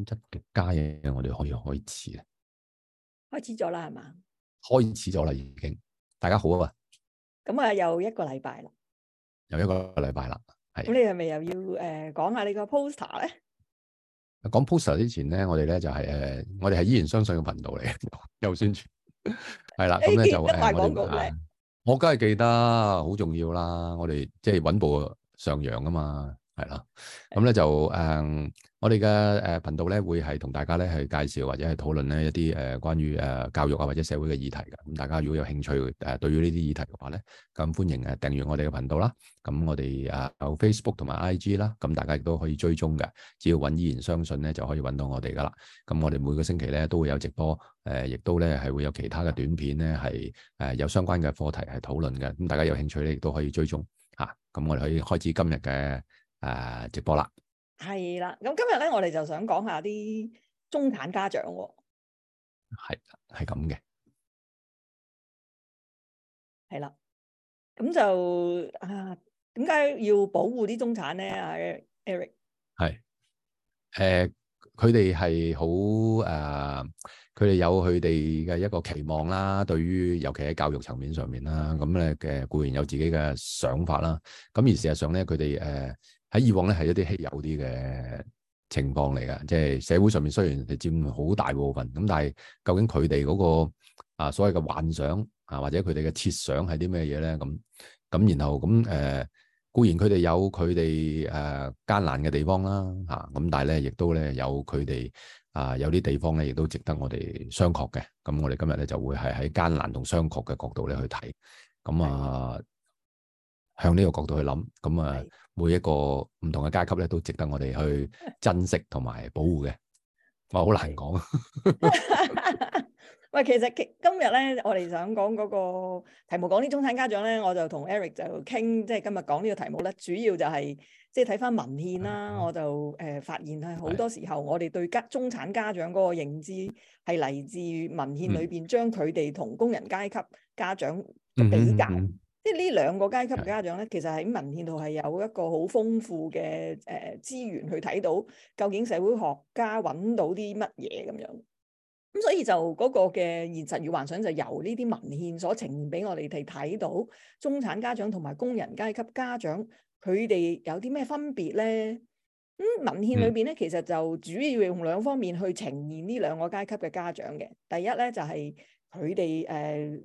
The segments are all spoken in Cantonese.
一嘅加嘢，我哋可以開始咧。開始咗啦，係嘛？開始咗啦，已經。大家好啊嘛。咁啊，又一個禮拜啦。又一個禮拜啦。係。咁你係咪又要誒講下你個 poster 咧？講 poster 之前咧，我哋咧就係誒，我哋係伊研相信個頻道嚟，又宣傳。係啦，咁咧就誒，我講嘅，我梗係記得好重要啦。我哋即係穩步上揚啊嘛，係啦。咁咧就誒。我哋嘅誒頻道咧，會係同大家咧去介紹或者係討論咧一啲誒關於誒教育啊或者社會嘅議題嘅。咁大家如果有興趣誒對於呢啲議題嘅話咧，咁歡迎誒訂閱我哋嘅頻道啦。咁我哋啊有 Facebook 同埋 IG 啦，咁大家亦都可以追蹤嘅。只要揾伊研相信咧，就可以揾到我哋噶啦。咁我哋每個星期咧都會有直播，誒亦都咧係會有其他嘅短片咧係誒有相關嘅課題係討論嘅。咁大家有興趣咧亦都可以追蹤嚇。咁我哋可以開始今日嘅誒直播啦。係啦，咁今日咧，我哋就想講下啲中產家長喎。係，係咁嘅。係啦，咁就啊，點解要保護啲中產咧？啊，Eric。係。誒，佢哋係好誒，佢哋有佢哋嘅一個期望啦，對於尤其喺教育層面上面啦，咁咧嘅固然有自己嘅想法啦。咁而事實上咧，佢哋誒。呃喺以往咧，係一啲稀有啲嘅情況嚟噶，即係社會上面雖然係佔好大部分，咁但係究竟佢哋嗰個啊所謂嘅幻想啊，或者佢哋嘅設想係啲咩嘢咧？咁咁然後咁誒、呃，固然佢哋有佢哋誒艱難嘅地方啦，嚇、啊、咁，但係咧亦都咧有佢哋啊有啲地方咧，亦都值得我哋商榷嘅。咁我哋今日咧就會係喺艱難同商榷嘅角度咧去睇，咁啊。向呢個角度去諗，咁啊每一個唔同嘅階級咧，都值得我哋去珍惜同埋保護嘅。我，好難講。喂，其實其今日咧，我哋想講嗰個題目講啲中產家長咧，我就同 Eric 就傾，即係今日講呢個題目咧，主要就係即係睇返文獻啦。我就誒發現係好多時候，我哋對家中產家長嗰個認知係嚟自文獻裏邊，將佢哋同工人階級家長比較。即係呢兩個階級嘅家長咧，其實喺文獻度係有一個好豐富嘅誒資源去睇到究竟社會學家揾到啲乜嘢咁樣。咁、嗯、所以就嗰、那個嘅現實與幻想就由呢啲文獻所呈現俾我哋睇，睇到中產家長同埋工人階級家長佢哋有啲咩分別咧？咁、嗯、文獻裏邊咧，其實就主要用兩方面去呈現呢兩個階級嘅家長嘅。第一咧就係佢哋誒。呃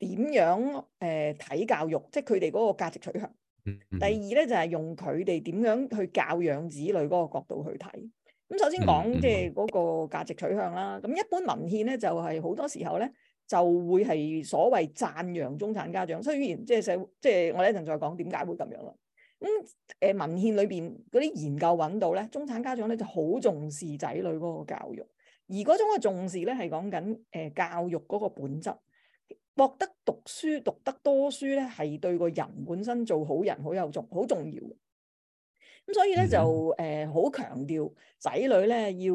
點樣誒睇、呃、教育，即係佢哋嗰個價值取向。第二咧就係、是、用佢哋點樣去教養子女嗰個角度去睇。咁首先講即係嗰個價值取向啦。咁一般文獻咧就係、是、好多時候咧就會係所謂讚揚中產家長。雖然即係社即係我一陣再講點解會咁樣啦。咁誒文獻裏邊嗰啲研究揾到咧，中產家長咧就好重視仔女嗰個教育，而嗰種嘅重視咧係講緊誒教育嗰個本質。博得讀書讀得多書咧，係對個人本身做好人好有重好重要。咁所以咧就誒，好、呃、強調仔女咧要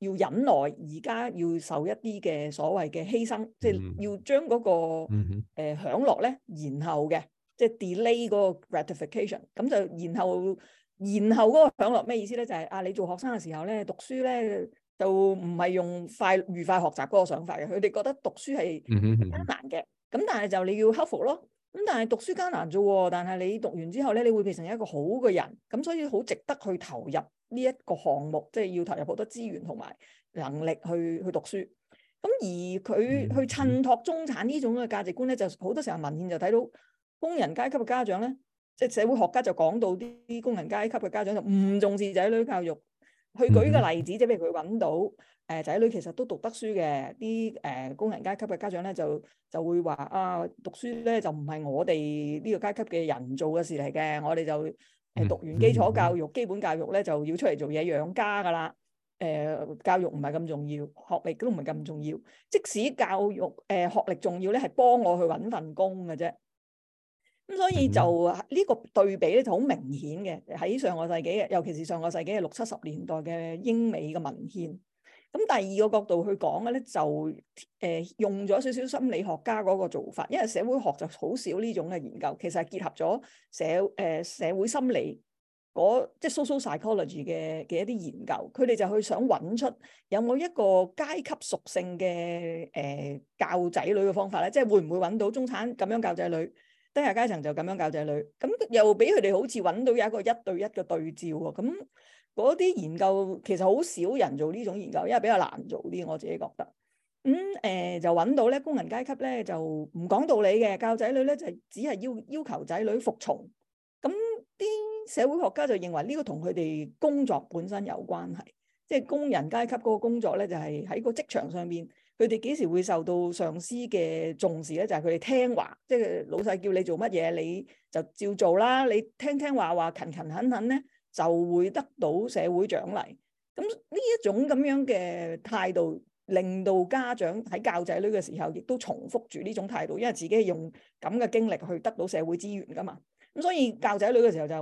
要忍耐，而家要受一啲嘅所謂嘅犧牲，嗯、即係要將嗰、那個誒享、嗯哼呃、樂咧，然後嘅即係、就是、delay 個 gratification，咁就然後然後嗰個享樂咩意思咧？就係、是、啊，你做學生嘅時候咧，讀書咧。就唔係用快愉快學習嗰個想法嘅，佢哋覺得讀書係艱難嘅，咁，嗯嗯，但係就你要克服咯，咁但係讀書艱難啫，但係你讀完之後咧，你會變成一個好嘅人，咁所以好值得去投入呢一個項目，即係要投入好多資源同埋能力去去讀書，咁而佢去襯托中產呢種嘅價值觀咧，就好多時候文獻就睇到工人階級嘅家長咧，即係社會學家就講到啲工人階級嘅家長就唔重視仔女教育。佢舉個例子即，譬如佢揾到誒仔、呃、女其實都讀得書嘅，啲、呃、誒工人階級嘅家長咧就就會話啊，讀書咧就唔係我哋呢個階級嘅人做嘅事嚟嘅，我哋就係讀完基礎教育、嗯、基本教育咧就要出嚟做嘢養家噶啦，誒、呃、教育唔係咁重要，學歷都唔係咁重要，即使教育誒、呃、學歷重要咧，係幫我去揾份工嘅啫。咁所以就呢個對比咧就好明顯嘅，喺上個世紀，尤其是上個世紀嘅六七十年代嘅英美嘅文獻。咁第二個角度去講咧，就誒用咗少少心理學家嗰個做法，因為社會學就好少呢種嘅研究。其實係結合咗社誒、呃、社會心理即係 social psychology 嘅嘅一啲研究，佢哋就去想揾出有冇一個階級屬性嘅誒、呃、教仔女嘅方法咧，即係會唔會揾到中產咁樣教仔女？低下階層就咁樣教仔女，咁又俾佢哋好似揾到有一個一對一嘅對照喎。咁嗰啲研究其實好少人做呢種研究，因為比較難做啲，我自己覺得。咁、嗯、誒、呃、就揾到咧，工人階級咧就唔講道理嘅，教仔女咧就只係要要求仔女服從。咁啲社會學家就認為呢個同佢哋工作本身有關係，即、就、係、是、工人階級嗰個工作咧就係、是、喺個職場上面。佢哋幾時會受到上司嘅重視咧？就係佢哋聽話，即係老細叫你做乜嘢你就照做啦。你聽聽話話勤勤懇懇咧，就會得到社會獎勵。咁呢一種咁樣嘅態度，令到家長喺教仔女嘅時候，亦都重複住呢種態度，因為自己係用咁嘅經歷去得到社會資源噶嘛。咁所以教仔女嘅時候就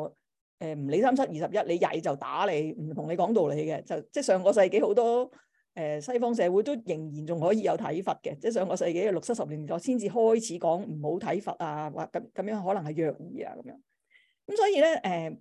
誒唔理三七二十一，你曳就打你，唔同你講道理嘅，就即係上個世紀好多。誒西方社會都仍然仲可以有體罰嘅，即係上個世紀六七十年代先至開始講唔好體罰啊，或咁咁樣可能係虐兒啊咁樣。咁所以咧，誒、呃、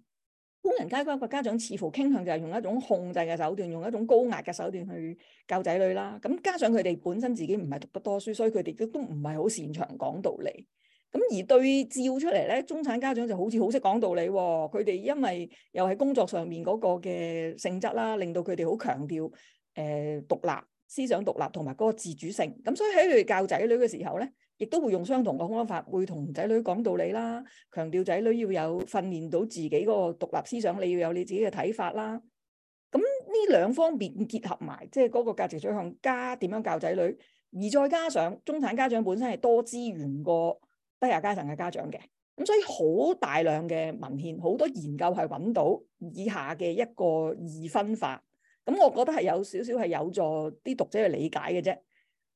工人階級嘅家長似乎傾向就係用一種控制嘅手段，用一種高壓嘅手段去教仔女啦。咁加上佢哋本身自己唔係讀得多書，所以佢哋都都唔係好擅長講道理。咁而對照出嚟咧，中產家長就好似好識講道理喎、哦。佢哋因為又係工作上面嗰個嘅性質啦，令到佢哋好強調。誒，獨立思想、獨立同埋嗰個自主性，咁所以喺佢教仔女嘅時候咧，亦都會用相同嘅方法，會同仔女講道理啦，強調仔女要有訓練到自己嗰個獨立思想，你要有你自己嘅睇法啦。咁呢兩方面結合埋，即係嗰個價值取向加點樣教仔女，而再加上中產家長本身係多資源過低下階層嘅家長嘅，咁所以好大量嘅文獻，好多研究係搵到以下嘅一個二分化。咁、嗯、我覺得係有少少係有助啲讀者去理解嘅啫。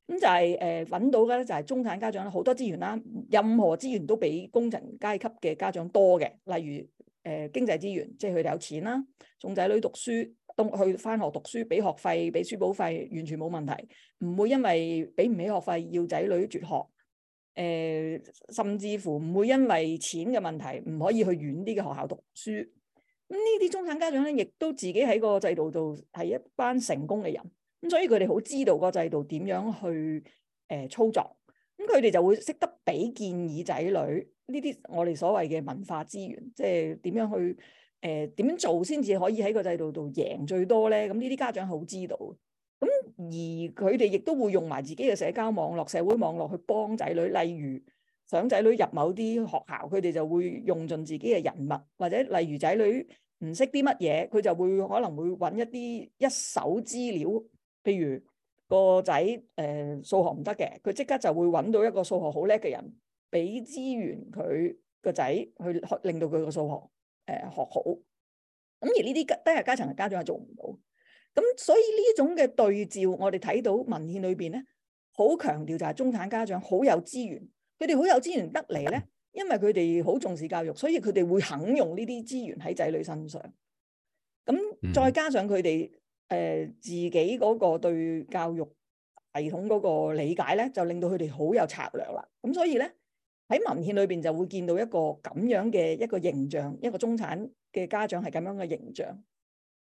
咁就係誒揾到嘅咧，就係、是呃、中產家長啦，好多資源啦，任何資源都比工人階級嘅家長多嘅。例如誒、呃、經濟資源，即係佢哋有錢啦，送仔女讀書，當去返學讀書，俾學費、俾書簿費，完全冇問題，唔會因為俾唔起學費要仔女輟學。誒、呃，甚至乎唔會因為錢嘅問題，唔可以去遠啲嘅學校讀書。咁呢啲中產家長咧，亦都自己喺個制度度係一班成功嘅人，咁所以佢哋好知道個制度點樣去誒操作，咁佢哋就會識得俾建議仔女呢啲我哋所謂嘅文化資源，即係點樣去誒呃、點樣做先至可以喺個制度度贏最多咧。咁呢啲家長好知道，咁而佢哋亦都會用埋自己嘅社交網絡、社會網絡去幫仔女，例如，想仔女入某啲學校，佢哋就會用盡自己嘅人脈，或者例如仔女唔識啲乜嘢，佢就會可能會揾一啲一手資料。譬如個仔誒數學唔得嘅，佢即刻就會揾到一個數學好叻嘅人，俾資源佢個仔去學，令到佢個數學誒、呃、學好。咁而呢啲低下收入階層嘅家長係做唔到。咁所以呢一種嘅對照，我哋睇到文獻裏邊咧，好強調就係中產家長好有資源。佢哋好有資源得嚟咧，因為佢哋好重視教育，所以佢哋會肯用呢啲資源喺仔女身上。咁再加上佢哋誒自己嗰個對教育系統嗰個理解咧，就令到佢哋好有策略啦。咁所以咧，喺文獻裏邊就會見到一個咁樣嘅一個形象，一個中產嘅家長係咁樣嘅形象。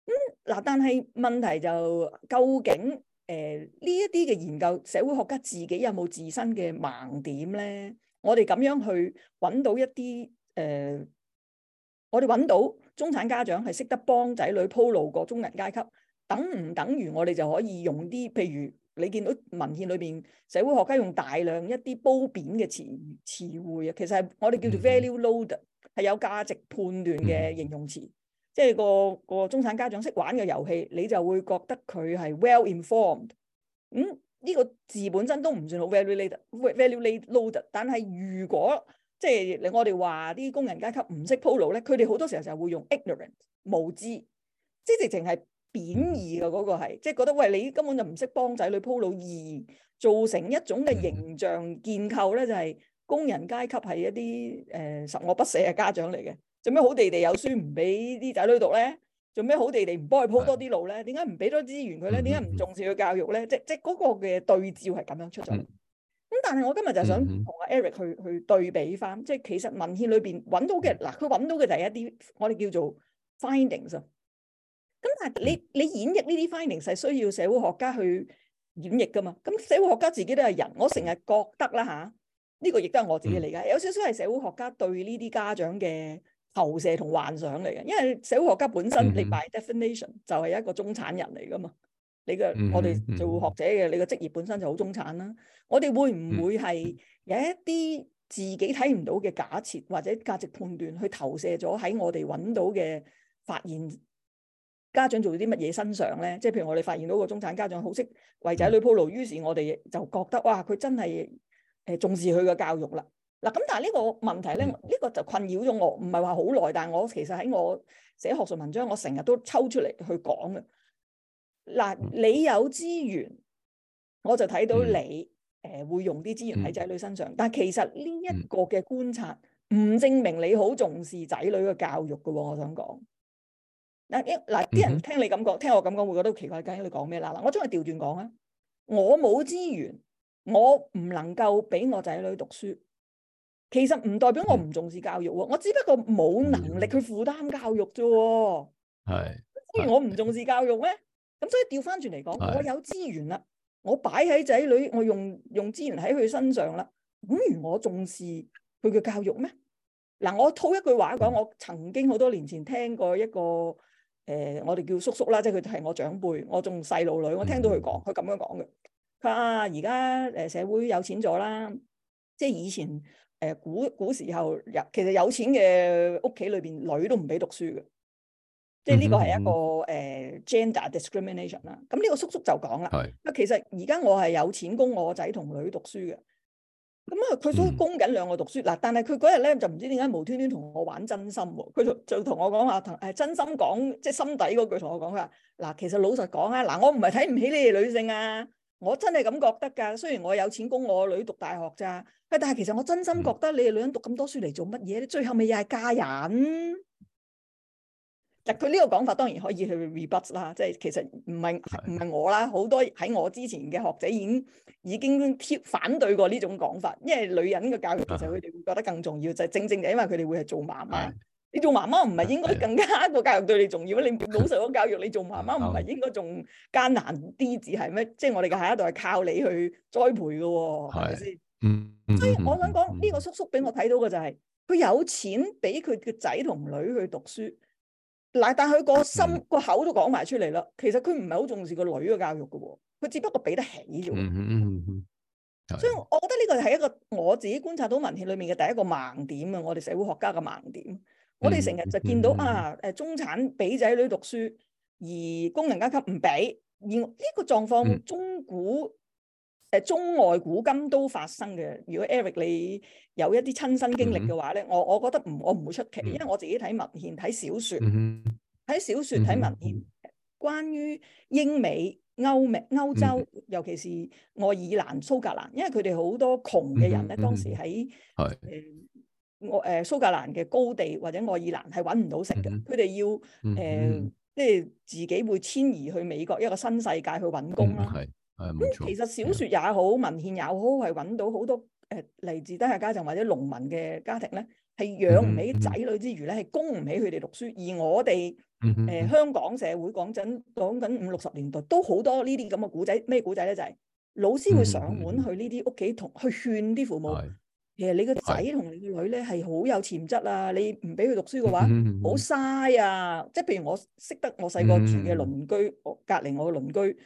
咁、嗯、嗱，但係問題就究竟，誒呢一啲嘅研究，社會學家自己有冇自身嘅盲點咧？我哋咁樣去揾到一啲誒、呃，我哋揾到中產家長係識得幫仔女鋪路過中人階級，等唔等於我哋就可以用啲譬如你見到文獻裏邊社會學家用大量一啲褒貶嘅詞語詞彙啊，其實係我哋叫做 value loaded，係、嗯嗯、有價值判斷嘅形容詞。即係個個中產家長識玩嘅遊戲，你就會覺得佢係 well informed、嗯。咁、這、呢個字本身都唔算好 value-laden，value-laden。但係如果即係我哋話啲工人階級唔識鋪路咧，佢哋好多時候就會用 ignorant 無知，即係直情係貶義嘅嗰、那個係，即係覺得喂你根本就唔識幫仔女鋪路，而造成一種嘅形象建構咧，就係、是、工人階級係一啲誒、呃、十惡不赦嘅家長嚟嘅。做咩好地地有書唔俾啲仔女讀咧？做咩好地地唔幫佢鋪多啲路咧？點解唔俾多資源佢咧？點解唔重視佢教育咧？即即嗰個嘅對照係咁樣出咗。咁但係我今日就想同阿 Eric 去去對比返，即係其實文獻裏邊揾到嘅嗱，佢、啊、揾到嘅就係一啲我哋叫做 finding 啊。咁但係你你演繹呢啲 finding 係需要社會學家去演繹㗎嘛？咁社會學家自己都係人，我成日覺得啦吓，呢、啊這個亦都係我自己理解，有少少係社會學家對呢啲家長嘅投射同幻想嚟嘅，因為社會學家本身，mm hmm. 你 by definition 就係一個中產人嚟噶嘛。你個、mm hmm. 我哋做學者嘅，你個職業本身就好中產啦。我哋會唔會係有一啲自己睇唔到嘅假設或者價值判斷，去投射咗喺我哋揾到嘅發現家長做啲乜嘢身上咧？即係譬如我哋發現到個中產家長好識為仔女鋪路，於、mm hmm. 是我哋就覺得哇，佢真係誒重視佢嘅教育啦。嗱，咁但係呢個問題咧，呢、呢個，就困擾咗我，唔係話好耐，但係我其實喺我寫學術文章，我成日都抽出嚟去講嘅。嗱，你有資源，我就睇到你誒、嗯呃、會用啲資源喺仔女身上，但係其實呢一個嘅觀察，唔、嗯、證明你好重視仔女嘅教育嘅。我想講，嗱，啲人聽你咁講，聽我咁講，會覺得奇怪，究竟你講咩啦？嗱，我將佢調轉講啊，我冇資源，我唔能夠俾我仔女讀書。其實唔代表我唔重視教育喎，嗯、我只不過冇能力去負擔教育啫。係是，所以我唔重視教育咩？咁是所以調翻轉嚟講，是我有資源啦，我擺喺仔女，我用用資源喺佢身上啦，咁如我重視佢嘅教育咩？嗱，我套一句話講，嗯、我曾經好多年前聽過一個誒、呃，我哋叫叔叔啦，即係佢係我長輩，我仲細路女，我聽到佢講，佢咁、嗯、樣講嘅。佢話而家誒社會有錢咗啦，即係以前。誒，古古時候有，其實有錢嘅屋企裏邊女都唔俾讀書嘅，即係呢個係一個誒、mm hmm. 呃、gender discrimination 啦。咁呢個叔叔就講啦，啊、mm hmm. 其實而家我係有錢供我仔同女讀書嘅，咁啊佢都供緊兩個讀書嗱，mm hmm. 但係佢嗰日咧就唔知點解無端端同我玩真心，佢就就同我講話，誒真心講，即係心底嗰句同我講，佢話嗱其實老實講啊，嗱我唔係睇唔起你哋女性啊。我真係咁覺得噶，雖然我有錢供我女讀大學咋，誒，但係其實我真心覺得你哋女人讀咁多書嚟做乜嘢？你最後咪又係嫁人。其實佢呢個講法當然可以去 rebut 啦，即係其實唔係唔係我啦，好多喺我之前嘅學者已經已經挑反對過呢種講法，因為女人嘅教育其實佢哋會覺得更重要， 就正正就因為佢哋會係做媽媽。你做媽媽唔係應該更加個教育對你重要咩？的你老實個教育，你做媽媽唔係應該仲艱難啲字係咩？即係、 就是、我哋嘅下一代係靠你去栽培嘅、哦，係咪先？的嗯，所以我想講呢、嗯、個叔叔俾我睇到嘅就係、是，佢有錢俾佢嘅仔同女去讀書，嗱，但係佢個心個口都講埋出嚟啦。其實佢唔係好重視個女嘅教育嘅、哦，佢只不過俾得起啫、嗯。嗯嗯嗯嗯。嗯，所以我覺得呢個係一個我自己觀察到文獻裏面嘅第一個盲點啊！我哋社會學家嘅盲點。我哋成日就見到啊，誒中產俾仔女讀書，而工人階級唔俾。而呢個狀況中古、誒、嗯、中外古今都發生嘅。如果 Eric 你有一啲親身經歷嘅話咧，我我覺得唔，我唔會出奇，嗯、因為我自己睇文獻、睇小説、睇、嗯、小説睇文獻，嗯、關於英美歐美歐洲，嗯、尤其是愛爾蘭、蘇格蘭，因為佢哋好多窮嘅人咧，當時喺誒。嗯嗯嗯我誒蘇格蘭嘅高地或者愛爾蘭係搵唔到食嘅，佢哋、嗯、要誒即係自己會遷移去美國一個新世界去搵工啦。係係冇錯。其實小説也好，的文獻也好，係搵到好多誒嚟、呃、自低下階層或者農民嘅家庭咧，係養唔起仔女之餘咧，係供唔起佢哋讀書。而我哋誒、呃、香港社會講真講緊五六十年代，都好多這這呢啲咁嘅古仔，咩古仔咧就係、是、老師會上門去呢啲屋企同去勸啲父母。其實你個仔同你個女咧係好有潛質啊！你唔俾佢讀書嘅話，好嘥啊！即係譬如我識得我細個住嘅鄰居，嗯、隔離我嘅鄰居，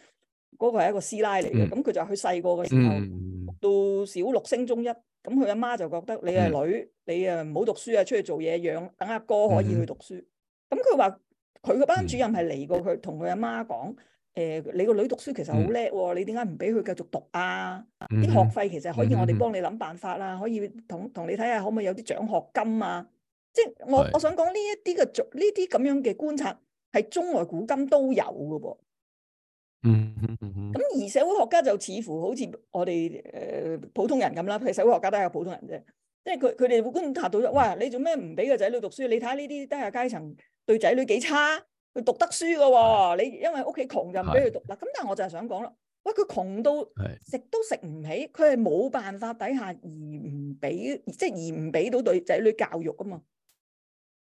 嗰、嗰個係一個師奶嚟嘅。咁佢、嗯、就佢細個嘅時候、嗯、到小六升中一，咁佢阿媽就覺得你係女，你啊唔好讀書啊，出去做嘢養，等阿哥、哥可以去讀書。咁佢話佢個班主任係嚟過佢，同佢阿媽講。誒、呃，你個女讀書其實好叻喎，嗯、你點解唔俾佢繼續讀啊？啲、嗯、學費其實可以我哋幫你諗辦法啦，嗯嗯嗯、可以同同你睇下可唔可以有啲獎學金啊？即係我是我想講呢一啲嘅呢啲咁樣嘅觀察係中外古今都有嘅噃、嗯。嗯，咁、嗯、而社會學家就似乎好似我哋誒、呃、普通人咁啦，譬如社會學家都係普通人啫，即係佢佢哋會觀察到哇，你做咩唔俾個仔女讀書？你睇下呢啲低下階層對仔女幾差。佢讀得書噶，你因為屋企窮，就唔俾佢讀啦。咁但係我就係想講啦，喂，佢窮到食都食唔起，佢係冇辦法底下而唔俾，即係而唔俾到對仔女教育噶嘛。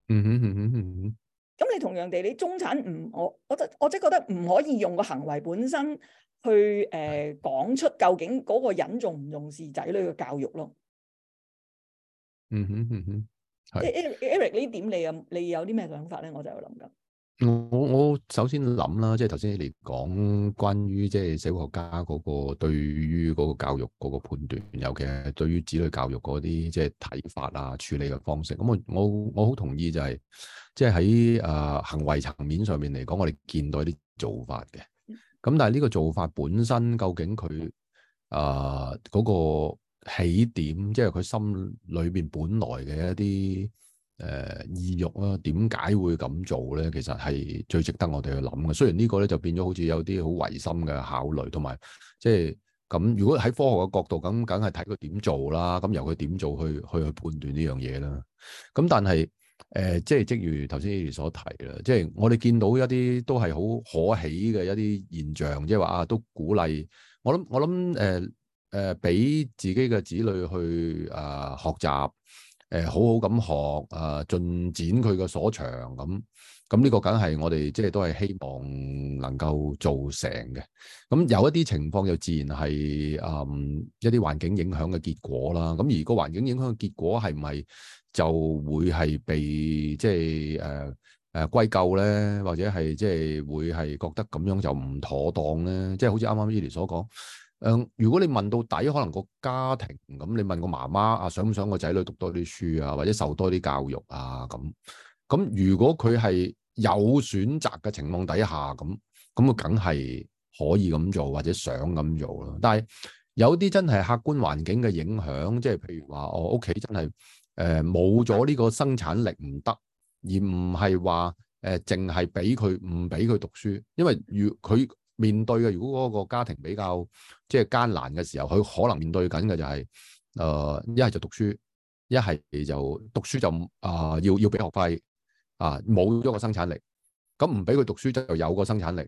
嗯哼嗯哼嗯哼。咁你同樣地，你中產唔我，我即我即覺得唔可以用個行為本身去誒講出究竟嗰個人重唔重視仔女嘅教育咯。嗯哼嗯哼。Eric，呢點你有你有啲咩想法咧？我就有諗緊。我我首先諗啦，即係頭先你講關於即係社會學家嗰個對於嗰個教育嗰個判斷，尤其係對於子女教育嗰啲即係睇法啊、處理嘅方式。咁我我我好同意就係、是，即係喺啊行為層面上面嚟講，我哋見到一啲做法嘅。咁但係呢個做法本身究竟佢啊嗰個起點，即係佢心裏邊本來嘅一啲。誒、呃、意欲啦、啊，點解會咁做咧？其實係最值得我哋去諗嘅。雖然呢個咧就變咗好似有啲好違心嘅考慮，同埋即係咁。如果喺科學嘅角度，咁梗係睇佢點做啦。咁由佢點做去去去判斷呢樣嘢啦。咁但係誒、呃，即係正如頭先所提啦。即係我哋見到一啲都係好可喜嘅一啲現象，即係話啊，都鼓勵我諗我諗誒誒，俾、呃呃、自己嘅子女去啊、呃、學習。誒、呃、好好咁學啊、呃，進展佢個所長咁，咁呢個梗係我哋即係都係希望能夠做成嘅。咁有一啲情況就自然係誒、嗯、一啲環境影響嘅結果啦。咁而個環境影響嘅結果係唔係就會係被即係誒誒歸咎咧，或者係即係會係覺得咁樣就唔妥當咧？即係好似啱啱 Lily 所講。誒、嗯，如果你問到底，可能個家庭咁，你問個媽媽啊，想唔想個仔女讀多啲書啊，或者受多啲教育啊咁？咁如果佢係有選擇嘅情況底下，咁咁佢梗係可以咁做或者想咁做咯。但係有啲真係客觀環境嘅影響，即係譬如話我屋企真係誒冇咗呢個生產力唔得，而唔係話誒淨係俾佢唔俾佢讀書，因為如佢。面對嘅，如果嗰個家庭比較即係艱難嘅時候，佢可能面對緊嘅就係、是，誒、呃、一係就讀書，一係就讀書就啊要要俾學費，啊冇咗個生產力，咁唔俾佢讀書就有個生產力，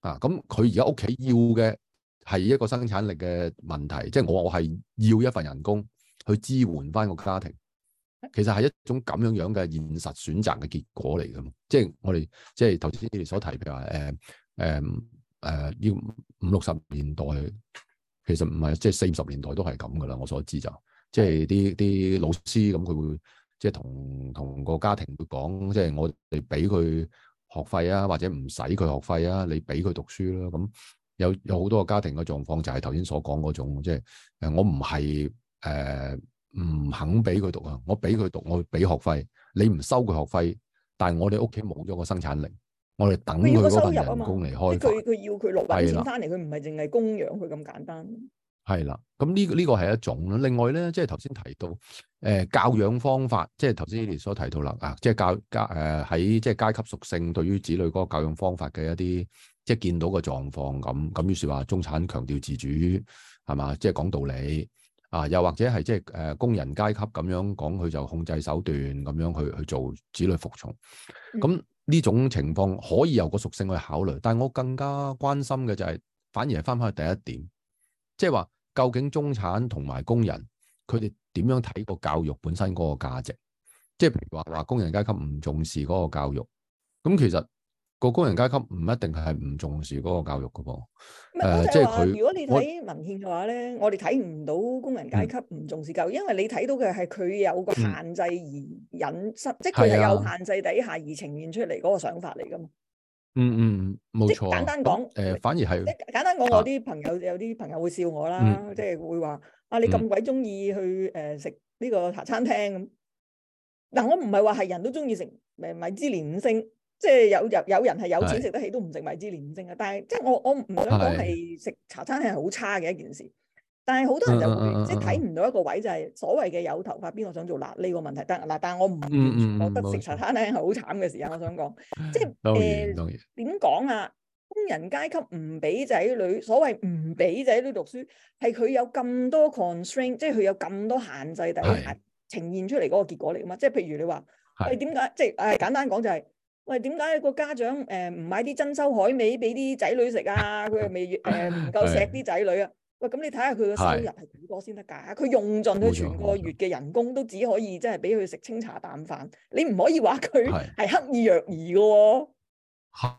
啊咁佢而家屋企要嘅係一個生產力嘅問題，啊、即係我我係要一份人工去支援翻個家庭，其實係一種咁樣樣嘅現實選擇嘅結果嚟嘅，啊，即係我哋即係頭先你哋所提譬如話誒誒。呃呃呃誒要五六十年代，其實唔係即係四十年代都係咁噶啦。我所知就即係啲啲老師咁，佢會即係同同個家庭會講，即係我哋俾佢學費啊，或者唔使佢學費啊，你俾佢讀書啦。咁有有好多個家庭嘅狀況就係頭先所講嗰種，即係誒我唔係誒唔肯俾佢讀啊，我俾佢讀，我俾學費，你唔收佢學費，但係我哋屋企冇咗個生產力。我哋等佢嗰份人工嚟開佢佢要佢落本錢翻嚟，佢唔係淨係供養佢咁簡單。係啦，咁呢呢個係、這個、一種。另外咧，即係頭先提到誒、呃、教養方法，即係頭先你所所提到啦、嗯、啊，即、就、係、是、教教誒喺即係階級屬性對於子女嗰個教養方法嘅一啲，即、就、係、是、見到嘅狀況咁咁。於是話中產強調自主係嘛，即係講道理啊，又或者係即係誒工人階級咁樣講，佢就控制手段咁樣去去,去做子女服從咁。呢種情況可以由個屬性去考慮，但係我更加關心嘅就係、是，反而係翻返去第一點，即係話究竟中產同埋工人佢哋點樣睇個教育本身嗰個價值？即係譬如話話工人階級唔重視嗰個教育，咁其實。個工人階級唔一定係唔重視嗰個教育噶噃，誒，即係佢。如果你睇文獻嘅話咧，我哋睇唔到工人階級唔重視教育，因為你睇到嘅係佢有個限制而隱失，即係佢係有限制底下而呈現出嚟嗰個想法嚟噶嘛。嗯嗯，冇錯。簡單講，誒，反而係。簡單講，我啲朋友有啲朋友會笑我啦，即係會話啊，你咁鬼中意去誒食呢個茶餐廳咁。嗱，我唔係話係人都中意食米米芝蓮五星。即係有有有人係有錢食得起都唔食米芝蓮蒸啊。但係即係我我唔想講係食茶餐廳係好差嘅一件事。但係好多人就、嗯嗯、即係睇唔到一個位就係所謂嘅有頭髮邊個想做辣呢，呢個問題。但係但係我唔覺得食茶餐廳係好慘嘅事情。我想講即係誒點講啊？工人階級唔俾仔女，所謂唔俾仔女讀書係佢有咁多 constraint 即係佢有咁多限制，第一呈現出嚟嗰個結果嚟啊嘛！即係是譬如你話誒點解？即係誒簡單講就係、是。喂，點解個家長誒唔、呃、買啲珍饈海味俾啲仔女食啊？佢係未誒唔夠錫啲仔女啊？的喂，咁你睇下佢嘅收入係幾多先得噶？佢的用盡佢全個月嘅人工都只可以即係俾佢食清茶淡飯。的你唔可以話佢係刻意虐兒嘅。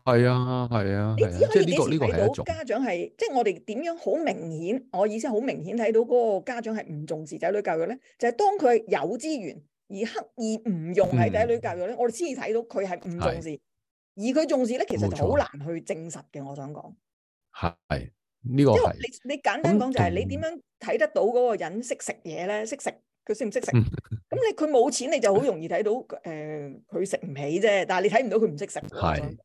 係啊係啊，你只可以幾時睇到家長係？即係的我哋點樣好明顯？我意思好明顯睇到嗰個家長係唔重視仔女教育咧？就係、是、當佢有資源。而刻意唔用喺第一女教育咧，我哋先至睇到佢係唔重視，而佢重視咧，其實就好難去證實嘅。我想講，係係呢個係。因為，你你簡單講就係你點樣睇得到嗰個人識食嘢咧？識食佢識唔識食？咁你佢冇錢，你就好容易睇到誒，佢食唔起啫。但係你睇唔到佢唔識食。係。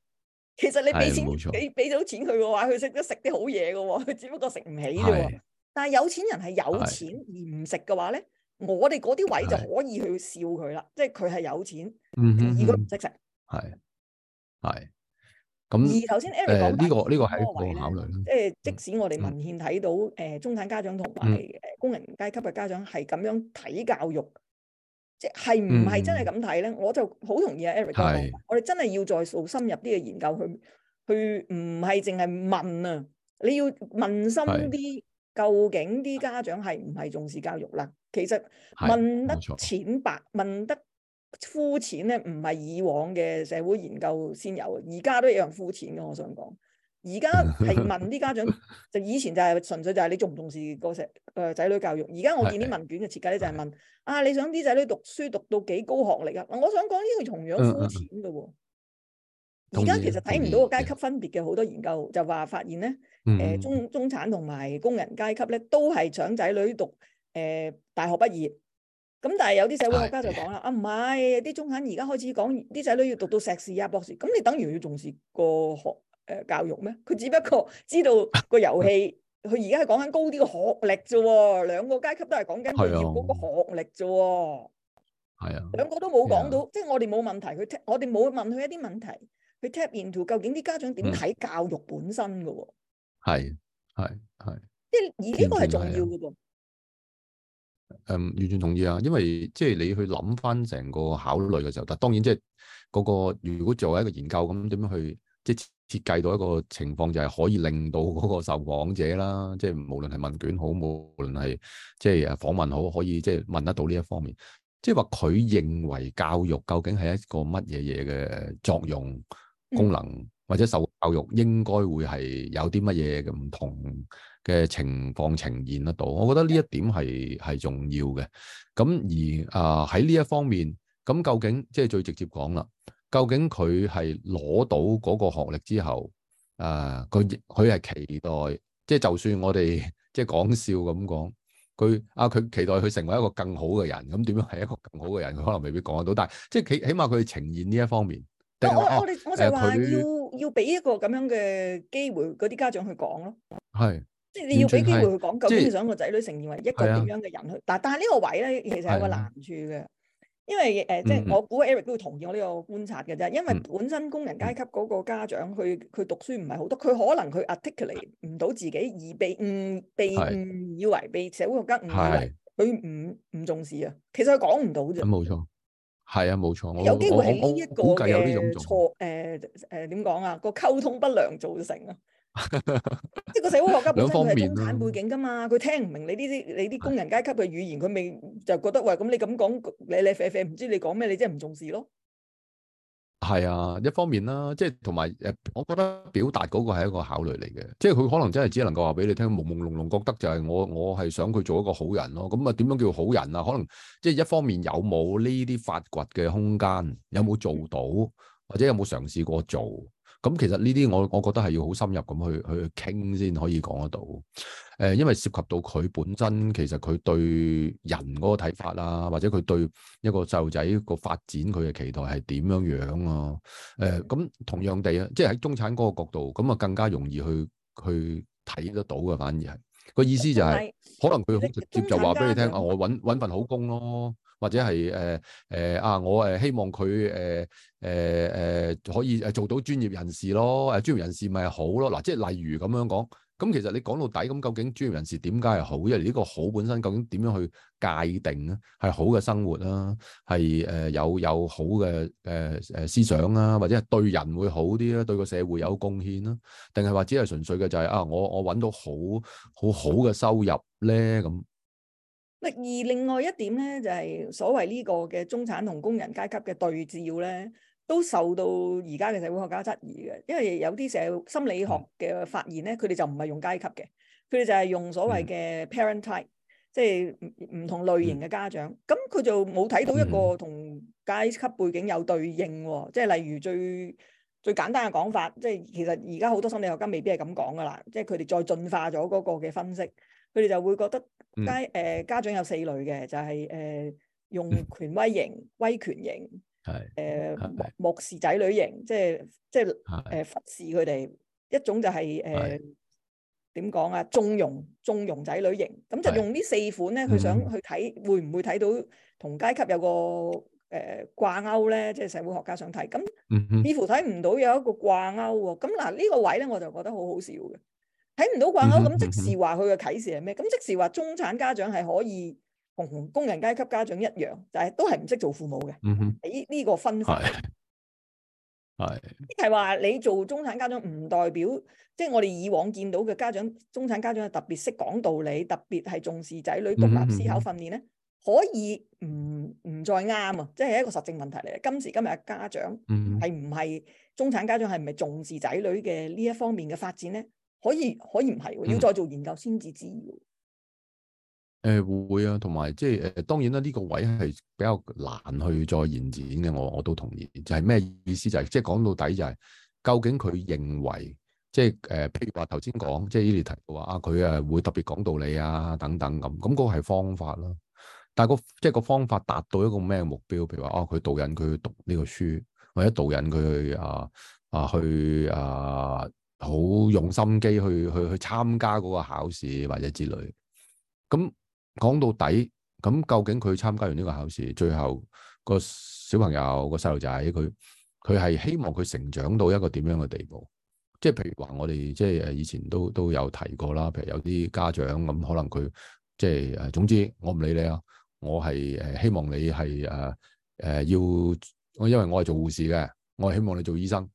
其實你俾錢俾俾到錢佢嘅話，佢識得食啲好嘢嘅喎，佢只不過食唔起啫。但係有錢人係有錢而唔食嘅話咧？我哋嗰啲位就可以去笑佢啦，即係佢係有錢，而佢唔識食。係係咁。而頭先 Eric 講，呢個呢個係一個考慮。即係即使我哋文獻睇到，誒中產家長同埋誒工人階級嘅家長係咁樣睇教育，即係唔係真係咁睇咧？我就好同意啊，Eric，我哋真係要再做深入啲嘅研究，去去唔係淨係問啊，你要問深啲，究竟啲家長係唔係重視教育啦？其實問得淺白、錯問得膚淺咧，唔係以往嘅社會研究先有，而家都一樣膚淺嘅。我想講，而家係問啲家長， 就以前就係純粹就係你重唔重視個石誒仔女教育，而家我見啲問卷嘅設計咧就係問的啊，你想啲仔女讀書讀到幾高學歷啊？我想講呢個同樣膚淺嘅喎。而家、嗯嗯、其實睇唔到個階級分別嘅好多研究就話發現咧，誒、呃、中中產同埋工人階級咧都係搶仔女讀。誒，大學畢業咁，但係有啲社會學家就講啦，啊，唔係，啲中產而家開始講啲仔女要讀到碩士啊博士，咁你等如要重視個學誒教育咩？佢只不過知道個遊戲，佢而家係講緊高啲個學歷啫。兩個階級都係講緊要嗰個學歷啫。係啊，兩個都冇講到，即係我哋冇問題，佢 tap，我哋冇問佢一啲問題，佢 tap into，究竟啲家長點睇教育本身噶？係係係，即係而呢個係重要噶噃。誒、嗯，完全同意啊！因為即係你去諗翻成個考慮嘅時候，但當然即係嗰個，如果作為一個研究咁，點樣去即係設計到一個情況，就係可以令到嗰個受訪者啦，即係無論係問卷好，無論係即係訪問好，可以即係問得到呢一方面，即係話佢認為教育究竟係一個乜嘢嘢嘅作用、功能，嗯、或者受教育應該會係有啲乜嘢嘅唔同。嘅情況呈現得到，我覺得呢一點係係重要嘅。咁而啊喺呢一方面，咁究竟即係最直接講啦，究竟佢係攞到嗰個學歷之後，啊佢佢係期待，即係就算我哋即係講笑咁講，佢啊佢期待佢成為一個更好嘅人。咁點樣係一個更好嘅人？佢可能未必講得到，但係即係起起碼佢呈現呢一方面。我我哋我就話、呃、要要俾一個咁樣嘅機會嗰啲家長去講咯。係。即係你要俾機會佢講，究竟你想個仔女成為一個點樣嘅人去？嗱，但係呢個位咧，其實有個難處嘅，因為誒，即係我估 Eric 都會同意我呢個觀察嘅啫。因為本身工人階級嗰個家長，佢佢讀書唔係好多，佢可能佢 articulate 唔到自己，而被誤被誤以為被社會學家誤以為，佢唔唔重視啊。其實佢講唔到啫。冇錯，係啊，冇錯。有機會係呢一個嘅錯誒誒，點講啊？個溝通不良造成啊。即係 個社會學家本身佢係、啊、中產背景噶嘛，佢聽唔明你呢啲你啲工人階級嘅語言，佢未就覺得喂咁你咁講，你你你你唔知你講咩，你真係唔重視咯。係 啊，一方面啦、啊，即係同埋誒，我覺得表達嗰個係一個考慮嚟嘅，即係佢可能真係只能夠話俾你聽，朦朦朧朧覺得就係我我係想佢做一個好人咯。咁啊，點樣叫好人啊？可能即係一方面有冇呢啲發掘嘅空間，有冇做到，或者有冇嘗試過做？咁、嗯、其實呢啲我我覺得係要好深入咁去去傾先可以講得到，誒、呃，因為涉及到佢本身，其實佢對人嗰個睇法啦、啊，或者佢對一個細路仔個發展佢嘅期待係點樣樣啊？誒、呃，咁、嗯、同樣地啊，即係喺中產嗰個角度，咁啊更加容易去去睇得到嘅，反而係個意思就係、係，可能佢好直接就話俾你聽，啊，我揾揾份好工咯。或者係誒誒啊，我誒希望佢誒誒誒可以誒做到專業人士咯，誒專業人士咪好咯。嗱，即係例如咁樣講，咁其實你講到底，咁究竟專業人士點解係好？因為呢個好本身究竟點樣去界定咧？係好嘅生活啦、啊，係誒、呃、有有好嘅誒誒思想啊，或者係對人會好啲啦，對個社會有貢獻啦、啊，定係或者係純粹嘅就係、是、啊我我搵到好好好嘅收入咧咁。而另外一點咧，就係、是、所謂呢個嘅中產同工人階級嘅對照咧，都受到而家嘅社會學家質疑嘅，因為有啲社心理學嘅發現咧，佢哋就唔係用階級嘅，佢哋就係用所謂嘅 parent type、嗯、即係唔同類型嘅家長。咁佢、嗯、就冇睇到一個同階級背景有對應喎，即係例如最最簡單嘅講法，即係其實而家好多心理學家未必係咁講㗎啦，即係佢哋再進化咗嗰個嘅分析。佢哋就會覺得家誒、嗯呃、家長有四類嘅，就係、是、誒、呃、用權威型、嗯、威權型，係誒漠視仔女型，即係即係誒忽視佢哋，一種就係誒點講啊，縱容縱容仔女型，咁就用呢四款咧，佢、嗯、想去睇會唔會睇到同階級有個誒、呃、掛鈎咧？即係社會學家想睇，咁似乎睇唔到有一個掛鈎喎。咁嗱呢個位咧，我就覺得好好笑嘅。睇唔到掛鈎，咁，嗯、哼即係話佢嘅啟示係咩？咁、嗯、哼即係話中產家長係可以同工人階級家長一樣，但、就、係、是、都係唔識做父母嘅。喺呢、嗯、哼個分化，係係話你做中產家長唔代表，即、就、係、是、我哋以往見到嘅家長，中產家長係特別識講道理，特別係重視仔女獨立思考訓練咧，嗯、哼可以唔唔再啱啊！即、就、係、是、一個實證問題嚟嘅。今時今日嘅家長，係唔係中產家長係唔係重視仔女嘅呢一方面嘅發展咧？可以可以唔係喎，要再做研究先至知喎。誒、嗯呃、會啊，同埋即係誒當然啦，呢個位係比較難去再延展嘅。我我都同意，就係、是、咩意思、就是？就係即係講到底就係、是、究竟佢認為，即係誒譬如話頭先講，即係呢啲話啊，佢誒會特別講道理啊，等等咁。咁嗰個係方法啦，但係、那個即係、就是、個方法達到一個咩目標？譬如話哦，佢、啊、導引佢去讀呢個書，或者導引佢去啊啊去啊。啊去啊好用心機去去去參加嗰個考試或者之類，咁講到底，咁究竟佢參加完呢個考試，最後個小朋友個細路仔，佢佢係希望佢成長到一個點樣嘅地步？即係譬如話我哋即係以前都都有提過啦，譬如有啲家長咁可能佢即係，總之我唔理你啊，我係希望你係誒誒要我，因為我係做護士嘅，我係希望你做醫生。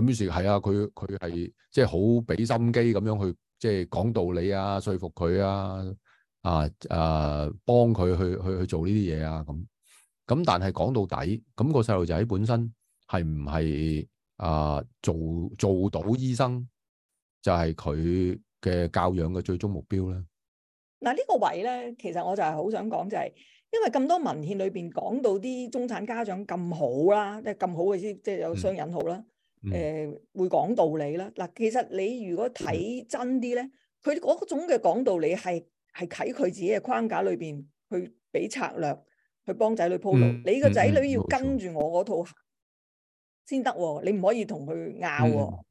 咁於是係啊，佢佢係即係好俾心機咁樣去，即係講道理啊，說服佢啊，啊啊幫佢去去去做呢啲嘢啊，咁咁但係講到底，咁個細路仔本身係唔係啊做做到醫生，就係佢嘅教養嘅最終目標咧？嗱，呢個位咧，其實我就係好想講就係，因為咁多文獻裏邊講到啲中產家長咁好啦，即係咁好嘅先，即係有雙引號啦。誒，會講道理啦。嗱，其實你如果睇真啲咧，佢嗰種嘅講道理係係喺佢自己嘅框架裏邊去俾策略，去幫仔女鋪路。你個仔女要跟住我嗰套先得，你唔可以同佢拗，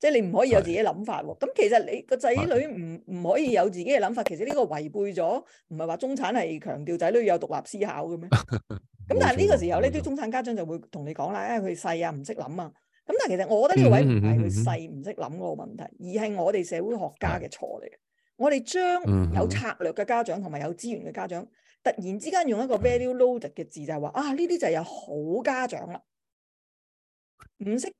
即係你唔可以有自己諗法。咁其實你個仔女唔唔可以有自己嘅諗法，其實呢個違背咗，唔係話中產係強調仔女有獨立思考嘅咩？咁但係呢個時候呢，啲中產家長就會同你講啦：誒，佢細啊，唔識諗啊。咁但係其實我覺得呢個位唔係佢細唔識諗個問題，而係我哋社會學家嘅錯嚟。嗯、哼我哋將有策略嘅家長同埋有資源嘅家長，突然之間用一個 value loaded 嘅字，就係、是、話啊呢啲就係有好家長啦，唔識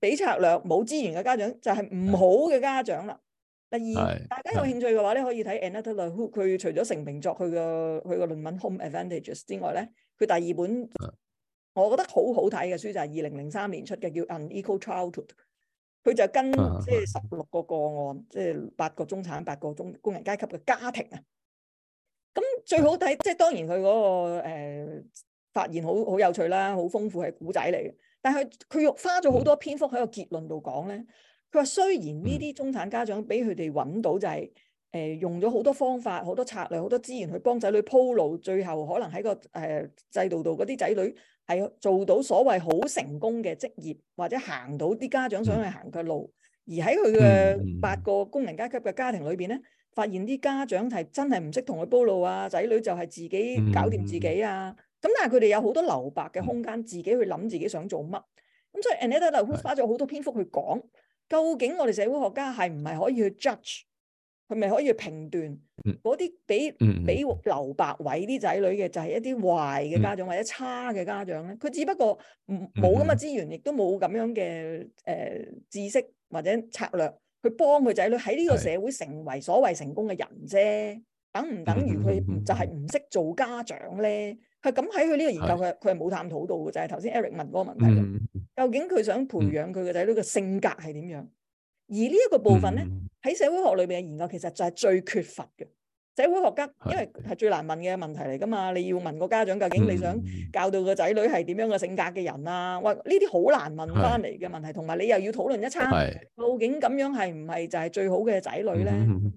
俾策略、冇資源嘅家長就係、是、唔好嘅家長啦。第二， 大家有興趣嘅話咧， 你可以睇 Annette Lareau，佢除咗成名作佢個佢個論文 Home Advantages 之外咧，佢第二本。 我覺得好好睇嘅書就係二零零三年出嘅，叫《Unequal Childhood》。佢就跟即係十六個個案，即係八個中產、八個中工人階級嘅家庭啊。咁最好睇即係當然佢嗰、那個誒、呃、發現好好有趣啦，好豐富嘅古仔嚟嘅。但係佢又花咗好多篇幅喺個結論度講咧。佢話雖然呢啲中產家長俾佢哋揾到就係、是、誒、呃、用咗好多方法、好多策略、好多資源去幫仔女鋪路，最後可能喺個誒、呃、制度度嗰啲仔女。係做到所謂好成功嘅職業，或者行到啲家長想去行嘅路，嗯、而喺佢嘅八個工人階級嘅家庭裏邊咧，發現啲家長係真係唔識同佢鋪路啊，仔女就係自己搞掂自己啊。咁但係佢哋有好多留白嘅空間，自己去諗自己想做乜。咁、嗯、所以 Annette Lareau 花咗好多篇幅去講，究竟我哋社會學家係唔係可以去 judge？佢咪可以評斷嗰啲俾俾劉白偉啲仔女嘅就係一啲壞嘅家長、嗯、或者差嘅家長咧？佢只不過冇咁嘅資源，亦、嗯、都冇咁樣嘅誒、呃、知識或者策略去幫佢仔女喺呢個社會成為所謂成功嘅人啫。等唔等於佢就係唔識做家長咧？佢咁喺佢呢個研究，佢佢係冇探討到嘅就係頭先 Eric 問嗰個問題、嗯嗯、究竟佢想培養佢嘅仔女嘅性格係點樣？而呢一個部分呢，喺社會學裏面嘅研究，其實就係最缺乏嘅。社會學家因為係最難問嘅問題嚟噶嘛，你要問個家長究竟你想教到個仔女係點樣嘅性格嘅人啊？哇，呢啲好難問翻嚟嘅問題。同埋是你又要討論一餐，究竟咁樣係唔係就係最好嘅仔女呢？嗯嗯嗯嗯、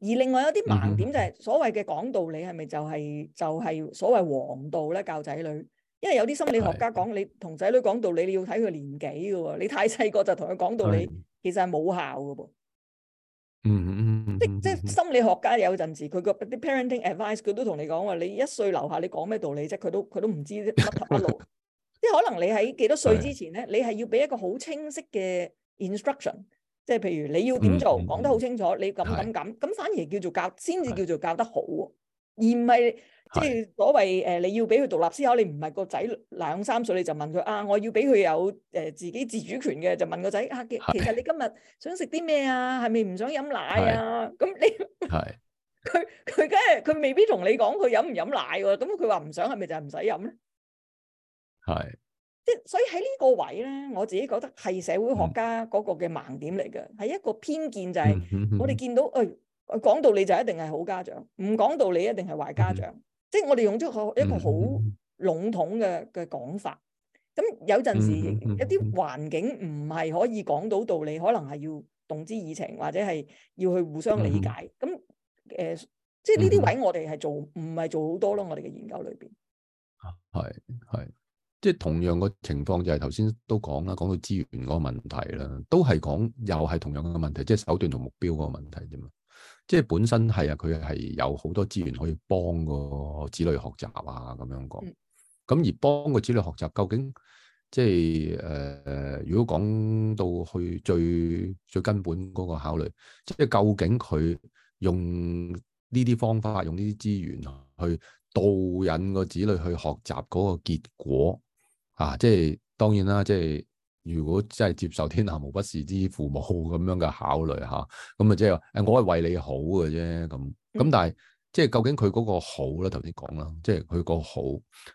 而另外有啲盲點就係所謂嘅講道理係咪就係、是、就係、是、所謂黃道呢？教仔女，因為有啲心理學家講，是你同仔女講道理，你要睇佢年紀噶喎，你太細個就同佢講道理。其實係冇效嘅噃、嗯，嗯嗯嗯，即即心理學家有陣時佢個啲 parenting advice 佢都同你講話，你一歲樓下你講咩道理啫？佢都佢都唔知乜頭乜路 即可能你喺幾多歲之前咧，的你係要俾一個好清晰嘅 instruction，即係譬如你要點做，講、嗯、得好清楚，你咁咁咁，咁的反而叫做教，先至叫做教得好，的而唔係。即係所謂誒、呃，你要俾佢獨立思考，你唔係個仔兩三歲你就問佢啊，我要俾佢有誒、呃、自己自主權嘅，就問個仔啊，其實你今日想食啲咩啊？係咪唔想飲奶啊？咁是你佢佢梗係佢未必同你講佢飲唔飲奶喎、啊？咁佢話唔想，係咪就係唔使飲咧？係是即係所以喺呢個位咧，我自己覺得係社會學家嗰個嘅盲點嚟嘅，係、嗯、一個偏見就係我哋見到誒講、哎、道理就一定係好家長，唔講道理一定係壞家長。嗯即係我哋用咗一個好籠統嘅嘅講法，咁有陣時一啲環境唔係可以講到道理，可能係要動之以情，或者係要去互相理解。咁誒，即係呢啲位我哋係做唔係做好多咯，我哋嘅研究裏邊，係係即係同樣個情況就係頭先都講啦，講到資源嗰個問題啦，都係講又係同樣嘅問題，即係手段同目標嗰個問題啫嘛。即係本身係啊，佢係有好多資源可以幫個子女學習啊，咁樣講。咁而幫個子女學習，究竟即係誒、呃？如果講到去最最根本嗰個考慮，即係究竟佢用呢啲方法、用呢啲資源去導引個子女去學習嗰個結果啊？即係當然啦，即係。如果真係接受天下無不是之父母咁樣嘅考慮吓，咁啊即係話誒，我係為你好嘅啫，咁咁但係即係究竟佢嗰個好咧，頭先講啦，即係佢個好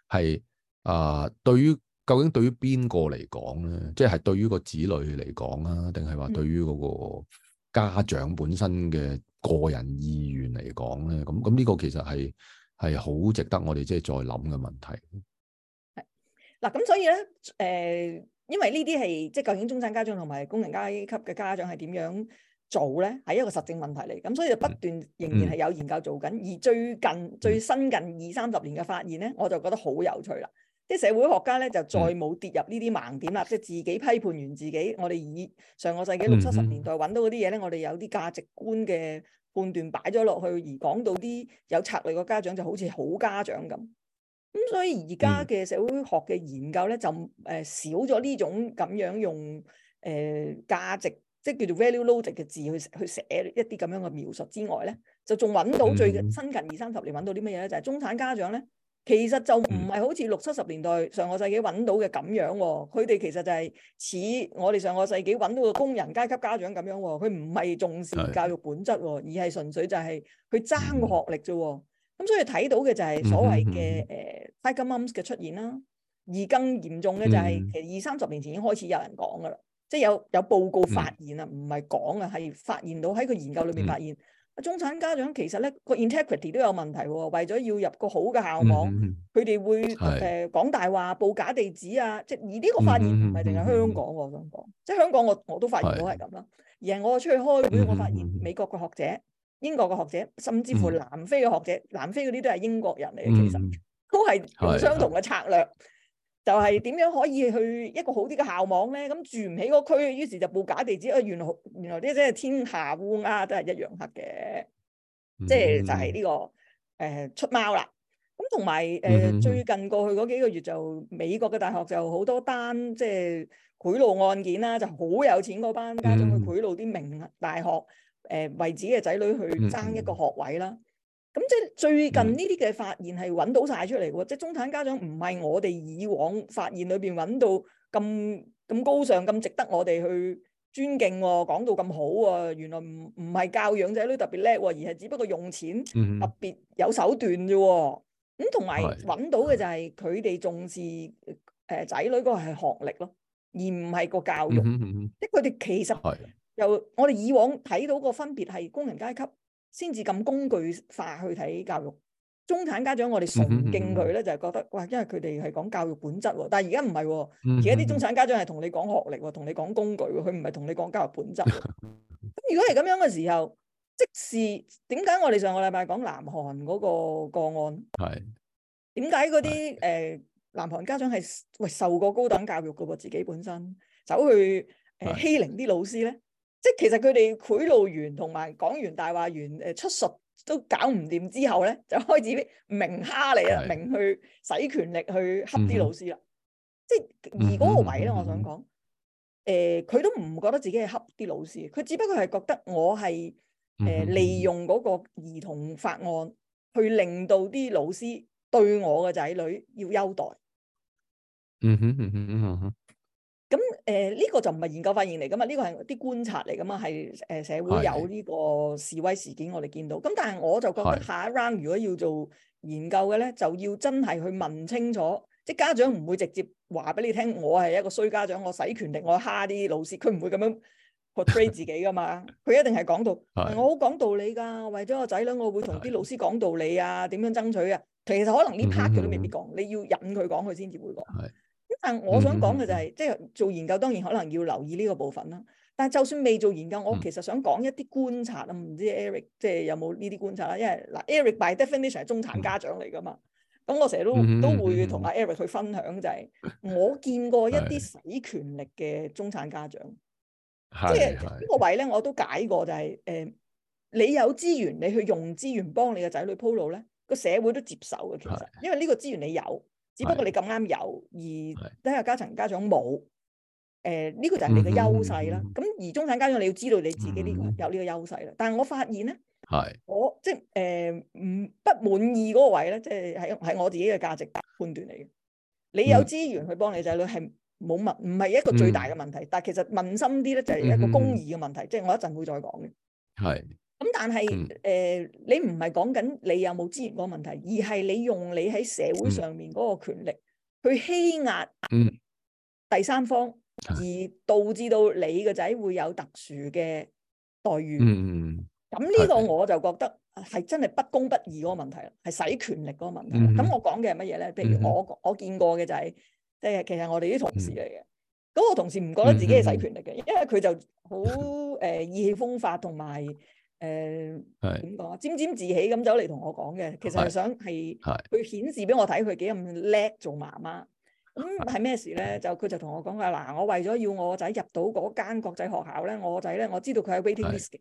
係啊、呃，對於究竟對於邊個嚟講咧，即係對於個子女嚟講啊，定係話對於嗰個家長本身嘅個人意願嚟講咧，咁咁呢個其實係係好值得我哋即係再諗嘅問題。係嗱，咁所以咧，誒、呃。因為呢啲係即係究竟中產家長同埋工人階級嘅家長係點樣做咧？係一個實證問題嚟，咁所以就不斷仍然係有研究做緊。而最近最新近二三十年嘅發現咧，我就覺得好有趣啦！啲社會學家咧就再冇跌入呢啲盲點啦，即係自己批判完自己。我哋以上個世紀六七十年代揾到嗰啲嘢咧，我哋有啲價值觀嘅判斷擺咗落去，而講到啲有策略嘅家長就好似好家長咁。咁、嗯、所以而家嘅社會學嘅研究咧，就誒、呃、少咗呢種咁樣用誒、呃、價值，即係叫做 value-loaded 嘅字去寫去寫一啲咁樣嘅描述之外咧，就仲揾到最、嗯、2 近新近二三十年揾到啲乜嘢咧？就係、是、中產家長咧，其實就唔係好似六七十年代上個世紀揾到嘅咁樣喎、哦，佢哋其實就係似我哋上個世紀揾到嘅工人階級家長咁樣喎、哦，佢唔係重視教育本質、哦，的而係純粹就係佢爭學歷啫喎、哦。嗯咁所以睇到嘅就係所謂嘅誒 high income 嘅出現啦，而更嚴重嘅就係其實二三十年前已經開始有人講噶啦，嗯、即係有有報告發現啊，唔係講啊，係發現到喺個研究裏面發現、嗯、中產家長其實咧個 integrity 都有問題，為咗要入個好嘅校網，佢哋、嗯、會誒是、呃、講大話、報假地址啊，即係而呢個發現唔係淨係香港喎，我想講，即係香港我我都發現到係咁啦，是是而係我出去開會，我發現美國嘅學者。英國嘅學者，甚至乎南非嘅學者，嗯、南非嗰啲都係英國人嚟嘅，其實都係用相同嘅策略，的就係點樣可以去一個好啲嘅校網咧？咁、嗯、住唔起嗰區，於是就報假地址。啊，原來原來啲真係天下烏鴉、啊、都係一樣黑嘅，即係、嗯、就係呢、呢個誒、呃、出貓啦。咁同埋誒最近過去嗰幾個月就，就美國嘅大學就好多單即係、即係、賄賂案件啦，就好有錢嗰班家長去賄賂啲名大學。嗯嗯誒為自己嘅仔女去爭一個學位啦，咁、嗯、即係最近呢啲嘅發現係揾到晒出嚟喎，嗯、即係中產家長唔係我哋以往發現裏邊揾到咁咁高尚、咁值得我哋去尊敬喎、哦，講到咁好喎、啊，原來唔唔係教養仔女特別叻喎、哦，而係只不過用錢特別有手段啫喎，咁同埋揾到嘅就係佢哋重視誒仔女嗰係學歷咯，而唔係個教育，嗯嗯嗯嗯、即佢哋其實。又我哋以往睇到個分別係工人階級先至咁工具化去睇教育，中產家長我哋崇敬佢咧，就係覺得哇，因為佢哋係講教育本質喎、啊。但係而家唔係喎，而家啲中產家長係同你講學歷喎，同你講工具喎，佢唔係同你講教育本質。咁如果係咁樣嘅時候，即係點解我哋上個禮拜講南韓嗰個個案？係點解嗰啲誒南韓家長係喂受過高等教育嘅喎，自己本身走去誒、呃、欺凌啲老師咧？即係其實佢哋賄賂完同埋講完大話完誒出術都搞唔掂之後咧，就開始明蝦你啦，明的去使權力去恰啲老師啦。的即係而嗰個位咧， 我想講誒，佢、呃、都唔覺得自己係恰啲老師，佢只不過係覺得我係誒、呃、 利用嗰個兒童法案去令到啲老師對我嘅仔女要優待。嗯哼嗯哼嗯哼。誒呢、呃這個就唔係研究發現嚟噶嘛，呢、這個係啲觀察嚟噶嘛，係誒、呃、社會有呢個示威事件我哋見到。咁的但係我就覺得下一 round 如果要做研究嘅咧，的就要真係去問清楚。即係家長唔會直接話俾你聽，我係一個衰家長，我使權力，我蝦啲老師，佢唔會咁樣 portray 自己噶嘛。佢 一定係講到我好講道理㗎，為咗個仔女，我會同啲老師講道理啊，點的樣爭取啊。其實可能呢 part 佢都未必講，嗯、哼你要引佢講，佢先至會講。 但我想講嘅就係即係做研究當然可能要留意呢個部分啦。但係就算未做研究，我其實想講一啲觀察啊，唔、嗯、知 Eric 即係有冇呢啲觀察啦？因為嗱，Eric by definition 係中產家長嚟噶嘛。咁、嗯、我成日都、嗯、都會同阿 Eric 去分享就係，我見過一啲使權力嘅中產家長，即係呢個位咧我都解過就係，誒、呃、你有資源你去用資源幫你嘅仔女鋪路咧，個社會都接受嘅其實，因為呢個資源你有。只不過你咁啱有，而低級階層家長冇，誒、呃、呢、這個就係你嘅優勢啦。咁、嗯、而中產家長你要知道你自己呢個有呢個優勢啦。嗯、但係我發現咧，係、嗯、我即係誒唔不滿意嗰個位咧，即係係係我自己嘅價值判斷嚟嘅。你有資源去幫你仔女係冇問，唔係一個最大嘅問題。嗯、但係其實問深啲咧，就係一個公義嘅問題，嗯嗯、即係我一陣會,會再講嘅。係、嗯。咁但係，誒、嗯呃，你唔係講緊你有冇資源個問題，而係你用你喺社會上面嗰個權力去欺壓第三方，嗯、而導致到你個仔會有特殊嘅待遇。咁呢、嗯、個我就覺得係真係不公不義嗰個問題，係使權力嗰個問題。咁、嗯、我講嘅係乜嘢咧？譬如我我見過嘅就係、是，即、呃、係其實我哋啲同事嚟嘅。咁、那、我、嗰個、同事唔覺得自己係使權力嘅，因為佢就好誒、呃、意氣風發，同埋。誒，點講啊？沾沾是自喜咁走嚟同我講嘅，其實係想係佢顯示俾我睇佢幾咁叻做媽媽。咁係咩事咧？就佢就同我講啊，嗱，我為咗要我仔入到嗰間國際學校咧，我仔咧，我知道佢喺 waiting list 嘅。